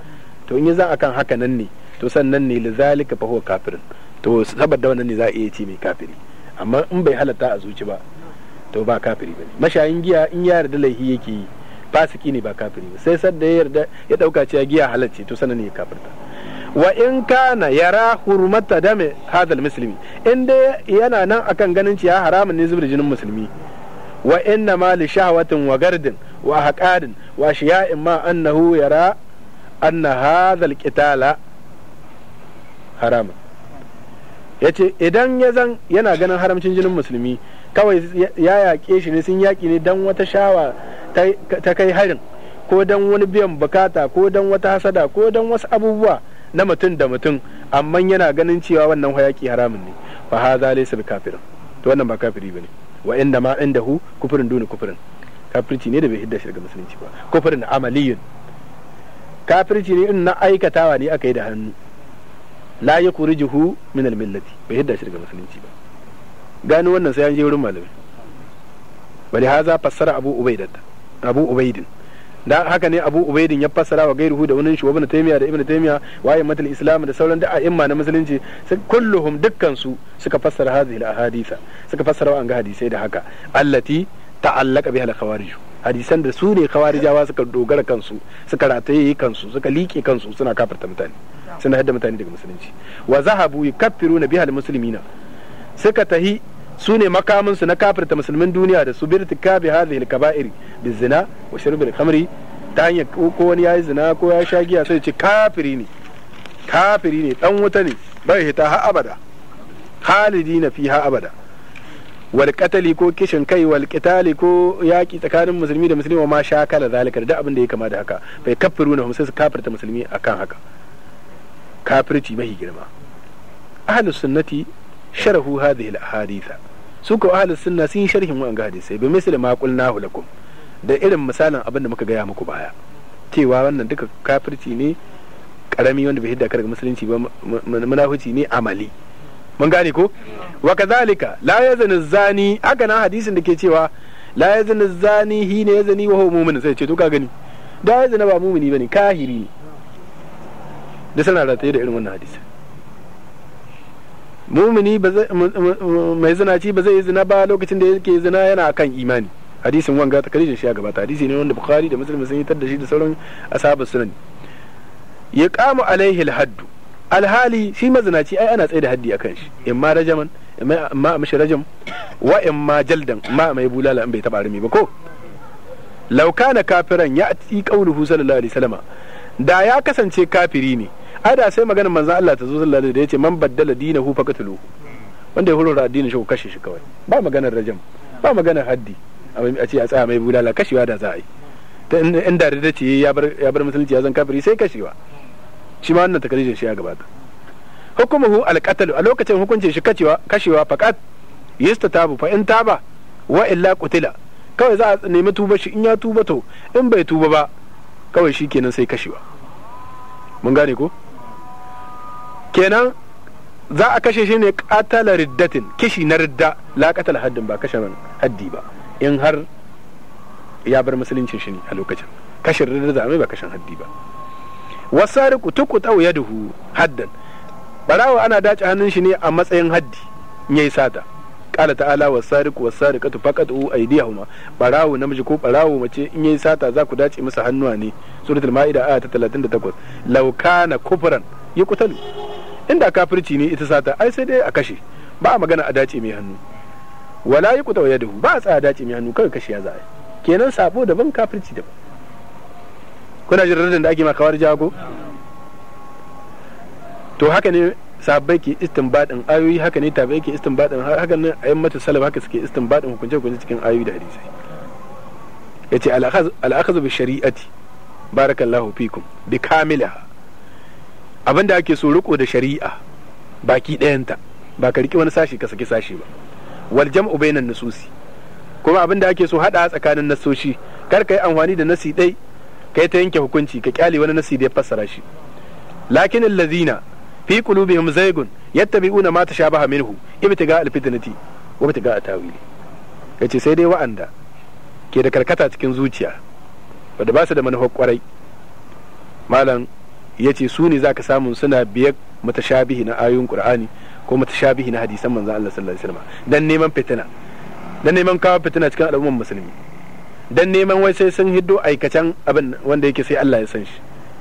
to in ya zan akan haka nan ne to sannan ne li zalika fa huwa kafirin to saboda wannan ne za a iya ce mai kafiri amma in bai halatta a zuci ba to ba kafiri bane mashayin giya in ya yarda laifi yake yi fasiki ne ba kafiri ba sai sadda ya yarda ya dauka cewa giya halacce to sanan ne kafirta wa in kana yara hurmata dame hadal muslimi in dai yana nan akan ganin cewa haramun ne zubar jinin musulmi wa inna ma li shahawatin wa gardin wa haqadin wa shiya'in ma annahu yara anna hadal qitala haramun yace idan ya zan yana ganin haramcin jinin musulmi kawai ya yaƙe shi ne sun yaƙi ne don wata shawa ta kai harin ko don wani biyan bukata ko don wata hasada ko don wasu abubuwa na mutum da mutum amma yana ganin cewa wannan hayaki haramun ne fa hadha laysa kafirin to wannan ba kafiri bane wa inda ma indahu kufrun duna kufurin kafirci ne da bai hidda shi daga musulunci ba kufrun amaliyun kafirci ne in na aikatawa ne aka yi da hannu la yakurijuhu min al-millati bai hidda shi daga musulunci ba gano wannan sai an je wurin malami bari haza fassara abu ubaidat abu ubaidin da haka ne abu ubaidin ya fassara wa gairuhu da wani shugaban taimiya da ibnu taimiya waye matal islam da sauran da a'imma na musulunci kulluhum dukkan su suka fassara hadhihi alahadisa suka fassara wa an ga hadisai da haka allati ta'allaka biha al-khawarij hadisan da su ne khawarijawa suka dogara kansu suka rataye kansu suka liƙe kansu suna kafirta mutane suna hadda mutane daga musulunci wa zahabu yukaffiruna biha al-muslimina suka tahi su ne makaminsu na kafirta musulmin duniya da su birti kabi hadhihi al-kaba'ir zina wa shurbil khamri ta hanyar ko wani yayi zina ko ya sha giya sai ce kafiri ne kafiri ne dan wuta ne bai hita ha abada khalidina fi ha abada wal qatali ko kishin kai wal qitali ko yaki tsakanin musulmi da musulmi ma sha kala zalika da abin da ya kama da haka bai kafiru na sai su kafirta musulmi akan haka kafirci mahi girma ahlus sunnati sharahu hadhihi al-ahaditha su ko ahli sunna sun yi sharhin wa'anga hadisai bi misli ma qulnahu lakum da irin misalin abin da muka gaya muku baya cewa wannan duka kafirci ne karami wanda bai hidda karga musulunci ba munafici ne amali mun gane ko wa kadhalika la yazani zani haka nan hadisin da ke cewa la yazani zani hi ne yazani wa huwa mu'min sai ce to ka gani da yazani ba mu'mini bane kahiri ne da sanar da irin wannan hadisin mumini mai zina ci ba zai yi zina ba lokacin da yake zina yana kan imani hadisin wanga ta kalishin shi ya gabata hadisi ne wanda bukhari da muslim sun yi tar da shi da sauran ashabu sunan ya kamu alaihi alhaddu alhali shi mazinaci ai ana tsaye da haddi akan shi in ma rajaman in ma amshi rajam wa in ma jaldan ma mai bulala in bai taba rumi ba ko law kana kafiran ya ati qauluhu sallallahu alaihi wasallama da ya kasance kafiri ne ai da sai maganar manzo Allah ta zo sallallahu alaihi da yace man baddala dinahu faqatuluhu wanda ya hurura addinin shi ko kashe shi kawai ba maganar rajam ba maganar haddi a ce a tsaya mai budala kashewa da za a yi ta inda da ce ya bar musulunci ya zan kafiri sai kashewa shi ma wannan takarijin shi ya gabata hukumuhu alqatalu a lokacin hukuncin shi kacewa kashewa faqat yastatabu fa in taba wa illa qutila kawai za a nemi tuba shi in ya tuba to in bai tuba ba kawai shi kenan sai kashewa mun gane ko kenan za a kashe shi ne katala riddatin kishi na ridda la katala haddin ba kashe man haddi ba in har ya bar musuluncin shi ne a lokacin kashe ridda za a mai ba kashin haddi ba wasariku ya duhu haddan barawa ana dace hannun shi ne a matsayin haddi yayi sata qala ta'ala was-sariqu was-sariqatu faqatu aydiyahuma barawo namiji ko barawo mace in yayi sata za ku dace masa hannuwa ne suratul maida aya ta 38 law kana kufran yuqtalu inda kafirci ne ita sata ai sai dai a kashe ba a magana a dace mai hannu wala yuqtalu yadu ba a tsaya dace mai hannu kai kashe ya za kenan sabo daban kafirci daban kuna jin da ake ma kawar jago to haka ne sabai ke istinbadin ayoyi haka ne tabi'ai ke istinbadin haka nan mata salaf haka suke istinbadin hukunce hukunce cikin ayoyi da hadisai yace al-akhadhu bi shari'ati barakallahu fikum bi kamila abinda ake so riko da shari'a baki ɗayanta ba ka riki wani sashi ka saki sashi ba wal jam'u bainan nususi kuma abin da ake so hada tsakanin nasoshi kar ka yi amfani da nasi ɗai ka ta yanke hukunci ka kyale wani nasi da ya fassara shi lakin allazina fi qulubihim zaygun yattabi'una ma tashabaha minhu ibtiga alfitnati wa ibtiga tawili yace sai dai wa'anda ke da karkata cikin zuciya wanda ba su da manufar kwarai malam yace su ne zaka samu suna biyar mutashabihi na ayoyin qur'ani ko mutashabihi na hadisan manzon Allah sallallahu alaihi wasallam dan neman fitina dan neman kawo fitina cikin al'umman musulmi dan neman wai sai sun hiddo aikacen abin wanda yake sai Allah ya san shi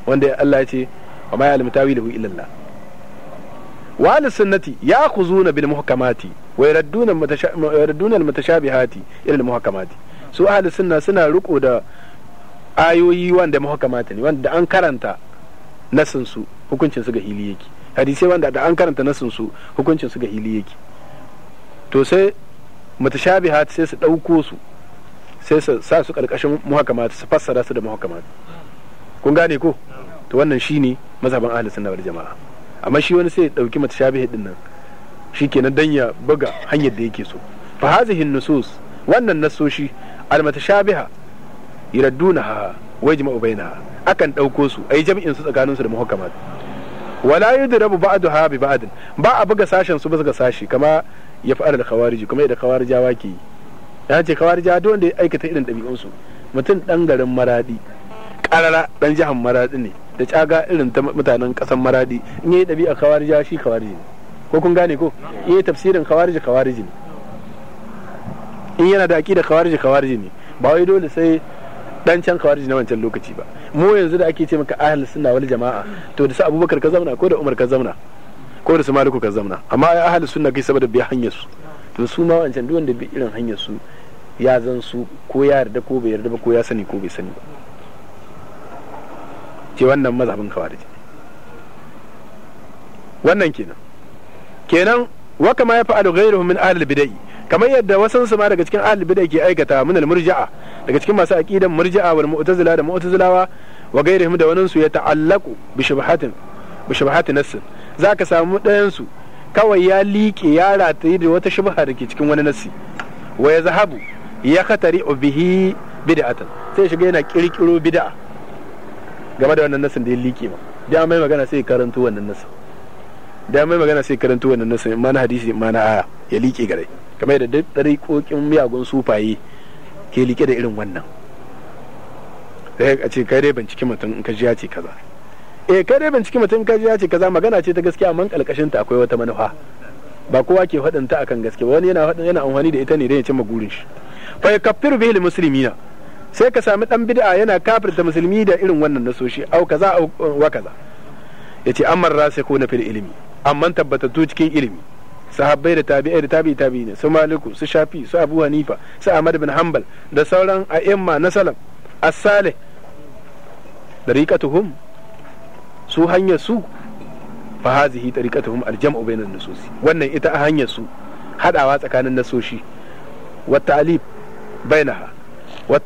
wanda Allah ya ce wa ma ya'lamu tawilahu illa Allah wa ya sunnati ya'khuzuna bil muhkamati wa yaradduna yaradduna al mutashabihati ila al muhkamati su ahli sunna suna riko da ayoyi wanda muhkamati ne wanda an karanta nasin su hukuncin su ga hili yake hadisai wanda da an karanta nasin su hukuncin su ga hili yake to sai mutashabihat sai su dauko su sai su sa su karkashin muhakamat su fassara su da muhakamat kun gane ko to wannan shine mazhaban ahli sunna wal jama'a amma shi wani sai ya mata shabi din nan shikenan dan ya buga hanyar da yake so fa hazihi nusus wannan nasoshi al mutashabiha yaraddunaha wa yajma'u bainaha akan dauko su ai jami'in su tsakanin su da muhakamat wala yudrabu ba'daha bi ba'd ba a buga sashen su ba ga sashi kama ya fa'al al-khawarij kuma da khawarijawa ke ya ce khawarijawa duk wanda ya aikata irin su mutum dan garin maradi karara dan jihar maradi ne da caga irin ta mutanen kasan maradi in yayi dabi'a kawarija shi kawariji ne ko kun gane ko in yayi tafsirin kawarji kawariji ne in yana da aqida kawarji kawariji ne ba wai dole sai dan can kawarji na wancan lokaci ba mu yanzu da ake ce maka ahlus sunna wal jama'a to da su abubakar ka zauna ko da umar ka zauna ko da su maliku ka zauna amma ai ahlus sunna kai saboda bi hanyar su to su ma wancan duk wanda bi irin hanyar su ya zan su ko ya yarda ko bai yarda ba ko ya sani ko bai sani ba ce wannan mazhabin khawarij wannan kenan kenan wa kama ya fa'alu ghayruhu min ahli bid'ah kamar yadda wasan su ma daga cikin ahli bid'ah ke aikata min al murji'a daga cikin masu aqidan murji'a wal mu'tazila da mu'tazilawa wa ghayruhum da wannan su ya ta'allaqu bi shubahatin bi shubahatin nass zaka samu dayan su kawai ya liƙe ya rataye da wata shubha da ke cikin wani nassi wa ya zahabu ya khatari bihi bid'atan sai shiga yana kirkiro bid'a game da wannan nasin da ya liƙe ma da mai magana sai karanto wannan nasin da mai magana sai karanto wannan nasin mana hadisi mana aya ya liƙe gare kamar yadda ƙoƙin miyagun sufaye ke liƙe da irin wannan sai a ce kai dai binciki mutum in ka ji ya ce kaza eh kai dai binciki mutum in ka ji ya ce kaza magana ce ta gaskiya amma kalkashin ta akwai wata manufa ba kowa ke faɗin ta akan gaske wani yana faɗin yana amfani da ita ne don ya cimma gurin shi fa yakaffiru bihi muslimina sai ka sami dan bid'a yana kafirta musulmi da irin wannan nasoshi au kaza au uh, wa kaza yace amman na fil ilimi amman tabbatattu cikin ilimi sahabbai da tabi'ai da tabi'i tabi'i ne su maliku su shafi su abu hanifa su ahmad bin hanbal da sauran a'imma na salam as-salih dariqatuhum su hanyar su fa hazihi dariqatuhum al-jam'u bainan nususi wannan ita a hanyar su hadawa tsakanin nasoshi wa ta'lib bainaha wa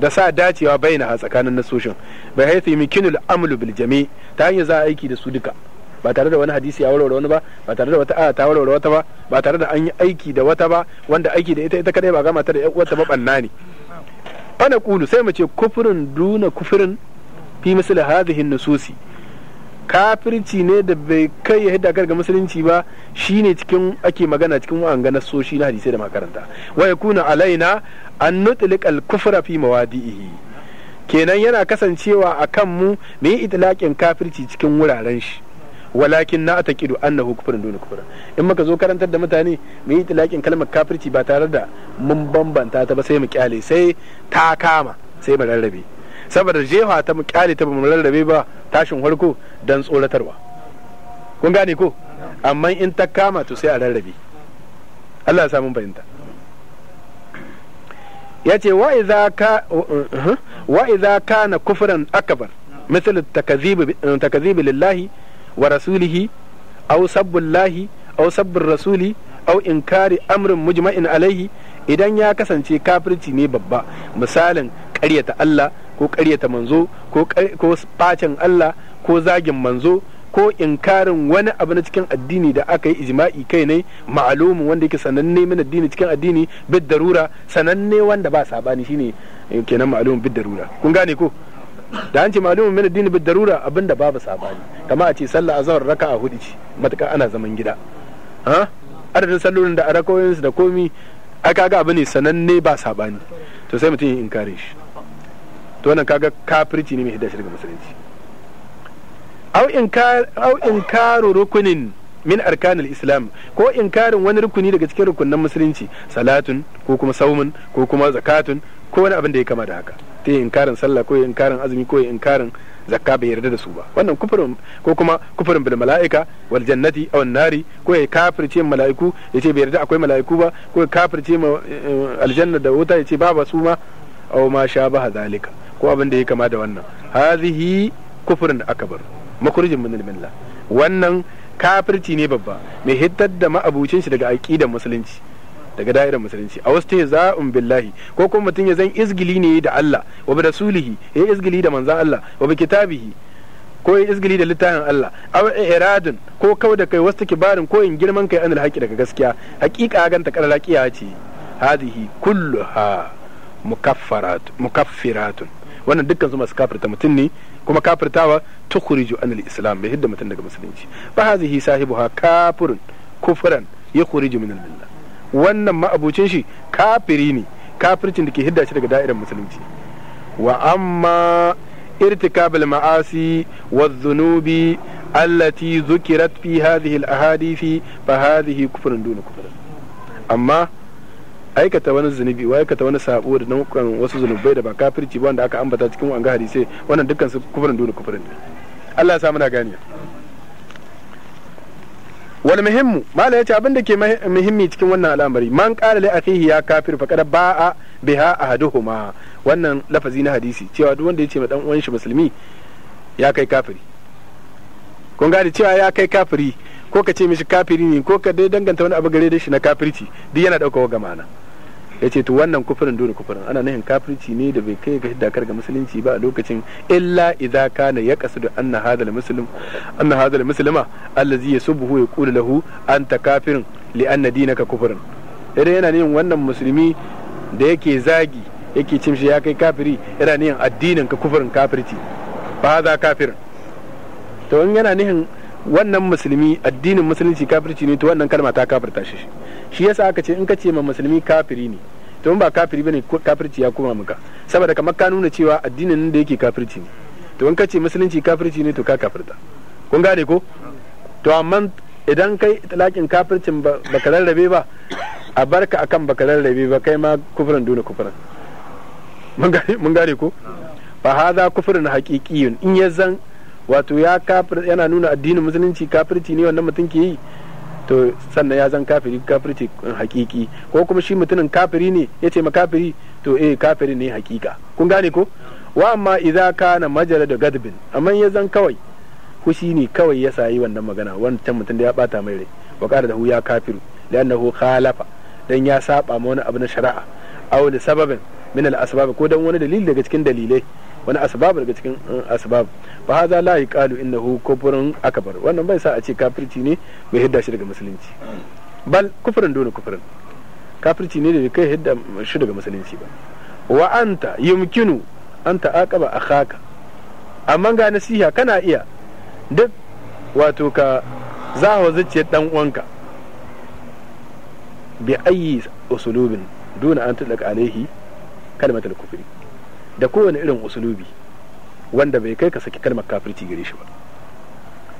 da sa dacewa baina a tsakanin nasoshin bai haifi mikinul amlu bil jami ta hanyar za a aiki da su duka ba tare da wani hadisi ya warware wani ba ba tare da wata ta warware wata ba ba tare da an yi aiki da wata ba wanda aiki da ita ita kadai ba gama ta da ƴan uwarta ba banna ne ana kulu sai mu ce kufrun duna kufrin fi misli hadhihi nususi kafirci ne da bai kai ya hidda ga musulunci ba shine cikin ake magana cikin wa'anga na soshi na hadisai da makaranta wa yakuna alaina an nutliq al kufra fi kenan yana kasancewa a kan mu mu yi itlaqin kafirci cikin wuraren shi walakin na ataqidu annahu kufrun duni kufrun in muka zo karantar da mutane mu yi itlaqin kalmar kafirci ba tare da mun bambanta ta ba sai mu kyale sai ta kama sai mu rarrabe saboda jefa ta mu kyale ta ba mu rarrabe ba tashin farko don tsoratarwa kun gane ko amma in ta kama to sai a rarrabe Allah ya samu fahimta ya ce wa ka uh-huh. kana kufran akabar misal takazibi uh, lillahi wa rasulihi aw sabbullahi au sabbin rasuli aw inkari amrin mujma'in alaihi idan ya kasance kafirci ne babba misalin ƙaryata Allah ko ƙaryata manzo ko ko bacin Allah ko zagin manzo ko inkarin wani abu na cikin addini da aka yi ijma'i kai ne ma'alumin wanda yake sananne min addini cikin addini bid darura sananne wanda ba sabani shine eh, kenan ma'alumin bid darura kun gane ko da an ce ma'alumin min addini bid darura abinda babu sabani kama a ce sallah azhar raka'a hudu ce matakan ana zaman gida ha adadin sallolin da arakoyinsu da komi aka ga abu ne sananne ba sabani to sai mutum ya inkare shi to wannan kaga kafirci ne mai hidda shirka musulunci au inkaru rukunin min arkanul islam ko inkarin wani rukuni daga cikin rukunan musulunci salatun ko kuma saumun ko kuma zakatun ko wani abin da ya kama da haka ta yi inkarin sallah ko inkarin azumi ko inkarin zakka bai yarda da su ba wannan kufurin ko kuma kufurin bil mala'ika wal jannati aw nari ko ya kafirce mala'iku ya ce bai yarda akwai mala'iku ba ko ya kafirce eh, eh, aljanna da wuta ya ce ba ba su ma aw ma sha ba zalika ko abin da ya kama da wannan hazihi aka bar, makurjin min milla wannan kafirci ne babba mai hiddar da ma'abucin shi daga aqidar musulunci daga da'irar musulunci a wasu ta za'un billahi ko kuma mutum ya zan izgili ne da Allah wa bi rasulihi ya izgili da manzan Allah wa bi kitabihi ko ya izgili da littafin Allah aw iradun ko kawai da kai wasu kibarin ko in girman kai anil haqi daga gaskiya haqiqa ganta karalakiya ce hadihi kulluha mukaffarat mukaffiratun wannan dukkan su masu kafirta mutum ne kuma kafirtawa tukhriju anil islam bai hidda mutum daga musulunci fa hazihi sahibuha kafirun kufran yakhriju min al-millah wannan ma'abucin shi kafiri ne kafircin da ke hidda shi daga da'irar musulunci wa amma irtikabul ma'asi wa dhunubi allati zukirat fi hadhihi al-ahadisi fa hadhihi kufrun duna kufrin amma aikata wani zunubi wa aikata wani sabo da nau'ukan wasu zunubai da ba kafirci ba wanda aka ambata cikin wanga hadisai wannan dukkan su kufurin dole kufurin Allah ya sa muna gani wal muhimmu mala yace abin da ke muhimmi cikin wannan al'amari man qala li akhihi ya kafir kada ba'a biha ahaduhuma wannan lafazi na hadisi cewa duk wanda yace ma dan uwan shi musulmi ya kai kafiri kun gane cewa ya kai kafiri ko ka ce mishi kafiri ne ko ka dai danganta wani abu gare da shi na kafirci duk yana ɗauka ga ma'ana ya ce to wannan kufurin dole kufurin ana nufin kafirci ne da bai kai ga hiddakar ga musulunci ba a lokacin illa idza kana yaqsidu anna hadha muslim anna ya muslima allazi yasubhu yaqulu lahu anta kafirin li anna dinaka kufurin idan yana nufin wannan musulmi da yake zagi yake cimshi shi ya kai kafiri yana nufin addinin ka kufurin kafirci ba za kafirin to in yana nufin wannan musulmi addinin musulunci kafirci ne to wannan kalma ta kafirta shi shi yasa aka ce in ka ce ma musulmi kafiri ne to in ba kafiri bane kafirci ya koma maka saboda kamar ka nuna cewa addinin nan da yake kafirci ne to in ka ce musulunci kafirci ne to ka kafirta kun gane ko to amma idan kai talakin kafircin ba ka rarrabe ba a barka akan ba ka rarrabe ba kai ma kufurin dole kufurin mun gane ko fa hadha kufrun haqiqiyyun in ya zan wato ya kafir yana nuna addinin musulunci kafirci ne wannan mutum ke yi to sannan ya zan kafiri kafirci hakiki ko kuma shi mutumin kafiri ne ya ce makafiri to eh kafiri ne hakika kun gane ko wa amma idza kana majara da gadbin amma ya zan kawai kushi ne kawai ya sayi wannan magana wancan mutum da ya bata mai rai wa qala da hu ya kafiru li'annahu khalafa dan ya saba ma wani abu na shari'a aw li sababin min al asbab ko dan wani dalili daga cikin dalilai wani asbab daga cikin eh, asbab fa hadha la yaqalu innahu kufrun akbar wannan bai sa a ce kafirci ne bai hidda shi daga musulunci bal kufrin dole kufurin kafirci ne da kai hidda shi daga musulunci ba wa anta yumkinu anta aqaba akhaka amma ga nasiha kana iya duk wato ka zahawa zuciyar dan uwanka bi ayyi usulubin duna an tudlaka alaihi kalmatul kufri da kowane irin usulubi wanda bai kai ka saki kalmar kafirci gare shi ba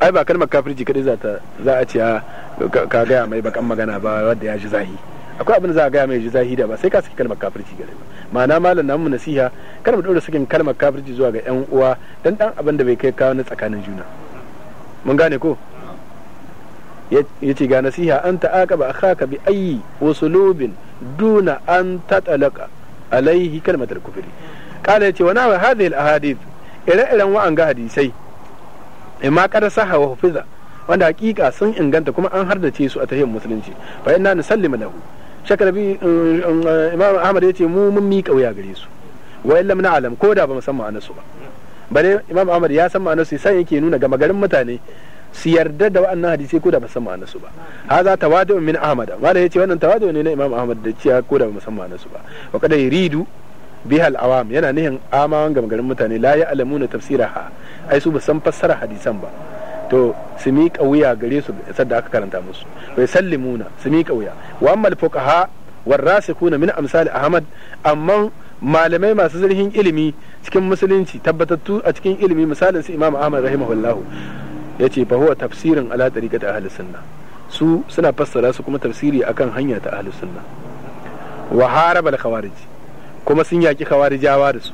ai ba kalmar kafirci kadai za ta za a ce ah, ka gaya mai bakan magana ba wanda ya ji zahi akwai abin da za a gaya mai ji zahi da ba sai ka saki kalmar kafirci gare ba ma'ana malam namu nasiha kar mu dora sakin kalmar kafirci zuwa ga yan uwa dan dan abin da bai kai kawo na tsakanin juna mun gane ko yace ga nasiha an ta'aqaba akhaka bi ayyi usulubin duna an tatalaka alaihi kalmatul kufri kala yace wana wa hadhihi ahadith ire-iren wa'anga hadisai imma kada saha wa hufiza wanda hakika sun inganta kuma an hardace su a tahiyyar musulunci fa inna nusallimu lahu shakar bi um, um, uh, imam ahmad yace mu mun mika wuya gare su wa illam na'lam ko da ba mu san ma'anarsu ba bare imam ahmad ya san su sai yake nuna ga magarin mutane su yarda da wa'annan hadisi ko da ba san su ba haza tawadu min ahmad wanda yace wannan tawadu ne na imam ahmad da ciya ko da ba san su ba wa kada yuridu bihal awam yana nihin amawan gamgarin mutane la ya alamu na tafsiraha ai su ba san fassara hadisan ba to su mi gare su sadda aka karanta musu bai sallimuna su miƙa wuya wa ammal fuqaha rasikuna min amsal ahmad amma malamai masu zurfin ilimi cikin musulunci tabbatattu a cikin ilimi misalin su imam ahmad rahimahullahu yace fa huwa tafsirin ala tariqati ahli sunna su suna fassara su kuma tafsiri akan hanya ta ahli sunna wa harabal khawarij kuma sun yaƙi khawarijawa da su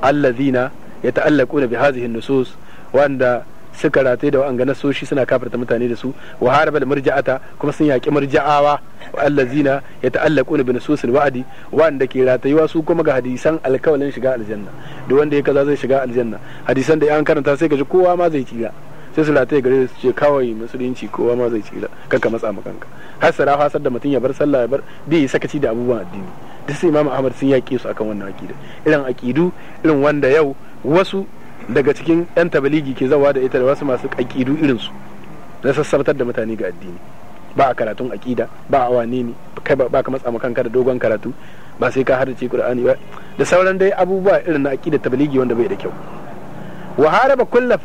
allazina ya ta'allaquna bi hadhihi nusus wanda suka rataye da wa'anga nasoshi suna kafarta mutane da su wa harabal murja'ata kuma sun yaƙi murja'awa wa allazina ya ta'allaquna bi nususil wa'adi wanda ke ratayuwa su kuma ga hadisan alkawalin shiga aljanna duk wanda ya kaza zai shiga aljanna hadisan da ya an karanta sai ka ji kowa ma zai tsira sai su lataye gare su ce kawai musulunci kowa ma zai cila kanka matsa ma kanka har sara hasar da mutum ya bar sallah ya bar bai sakaci da abubuwan addini duk sai imamu ahmad sun yaƙe su akan wannan aƙida irin aƙidu irin wanda yau wasu daga cikin yan tabaligi ke zawa da ita da wasu masu aƙidu irin su na sassabtar da mutane ga addini ba a karatun aƙida ba a wane ne kai ba ka matsa ma kanka da dogon karatu ba sai ka hada ce qur'ani ba da sauran dai abubuwa irin na aƙida tabaligi wanda bai da kyau wa haraba kulla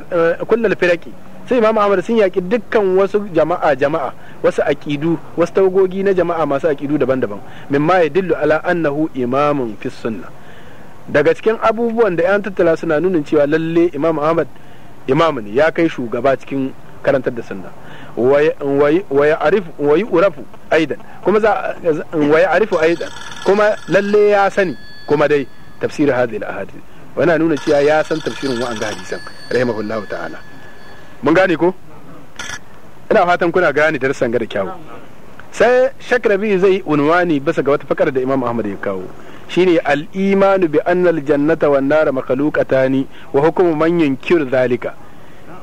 eh, firaki sai imam ahmad sun yaki dukkan wasu jama'a jama'a wasu aqidu wasu tagogi na jama'a masu aqidu daban-daban Min ma yadullu ala annahu imamun fi sunna daga cikin abubuwan da 'yan tattala suna nunin cewa lalle imam ahmad imamu ya kai shugaba cikin karantar da sunna arifu waya urafu aidan kuma za waya arifu aidan kuma lalle ya sani kuma dai tafsir hadhihi al-ahadith wana nuna cewa ya san tafsirin wa'anga hadisan rahimahullahu ta'ala mun gane ko ina fatan kuna gane darsan ga da kyawu sai shakrabi zai unwani bisa ga wata fakar da imam ahmad ya kawo shine al-imanu bi anna al-jannata wan nar makhluqatani wa hukmu man yankir zalika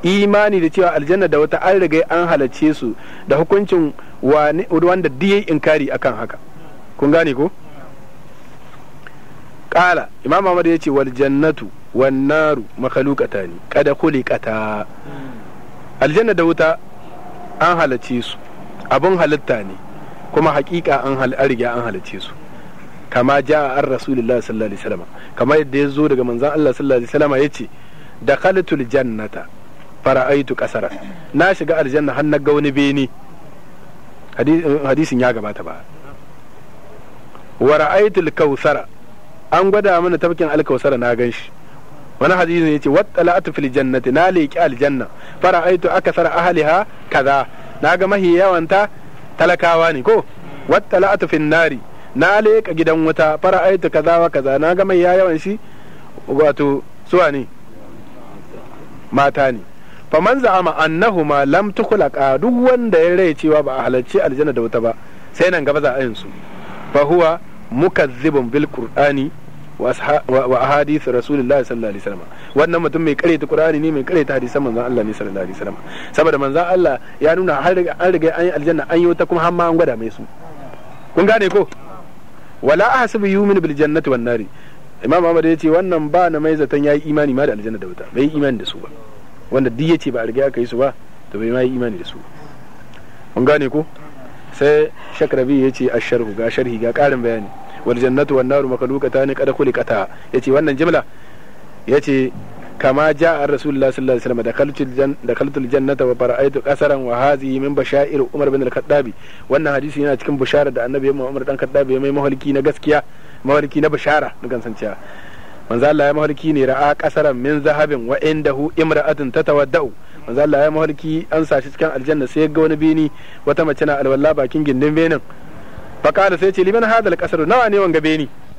imani da cewa aljanna da wata an riga an halace su da hukuncin wanda diye inkari akan haka kun gane ko qala imam ahmad ce wal jannatu wan naru makhluqatani qad khuliqata aljanna da wuta an halace su abun halitta ne kuma hakika an riga an halace su kama ja an rasulullah sallallahu alaihi wasallam kama yadda ya zo daga manzon Allah sallallahu alaihi wasallam yace dakhaltul jannata fara'aitu kasara na shiga aljanna har na ga wani beni hadisin ya gabata ba wa ra'aitul kautsara an gwada mana tafkin alkausara na gan shi wani ne yace wattala'atu fil jannati na leki aljanna fara'aitu akthar ahliha kaza na ga mahi yawanta talakawa ne ko wattala'atu fin nari na leka gidan wuta fara'aitu kaza wa kaza na ga mai yawan shi wato suwa ne mata ne faman za'ama annahuma lam tukhlaqa duk wanda ya rai cewa ba a halarci aljanna da wuta ba sai nan gaba za a yin su fa huwa mukazzibun bil qur'ani wa ahadith rasulullahi sallallahu alaihi wasallam wannan mutum mai kare ta qur'ani ne mai kare ta hadisan manzon Allah ne sallallahu alaihi wasallam saboda manzon Allah ya nuna har an riga an yi aljanna an yi ta kuma har ma an gwada mai su kun gane ko wala ahsabu yumin bil jannati wan nari imam Ahmad ya ce wannan ba na mai zaton yayi imani ma da aljanna da wuta bai imani da su ba wanda duk yace ba a riga aka yi su ba to bai ma yi imani da su kun gane ko sai shakrabi ya ce asharhu ga sharhi ga karin bayani wal jannatu wan naru makhluqatan qad khuliqata yace wannan jimla yace kama ja an rasulullah sallallahu alaihi wasallam da kaltul jannata wa bara'aitu qasaran wa hadhihi min bashair umar bin al-khattabi wannan hadisi yana cikin bishara da annabi yamma umar dan khattabi mai mahalki na gaskiya mahalki na bishara dukan san cewa manzo Allah ya mahalki ne ra'a qasaran min zahabin wa indahu imra'atun tatawadda'u manzo Allah ya mahalki an sashi cikin aljanna sai ga wani bini wata mace na alwala bakin gindin benin fa qala sai ce liman hadal qasru nawa ne wanga beni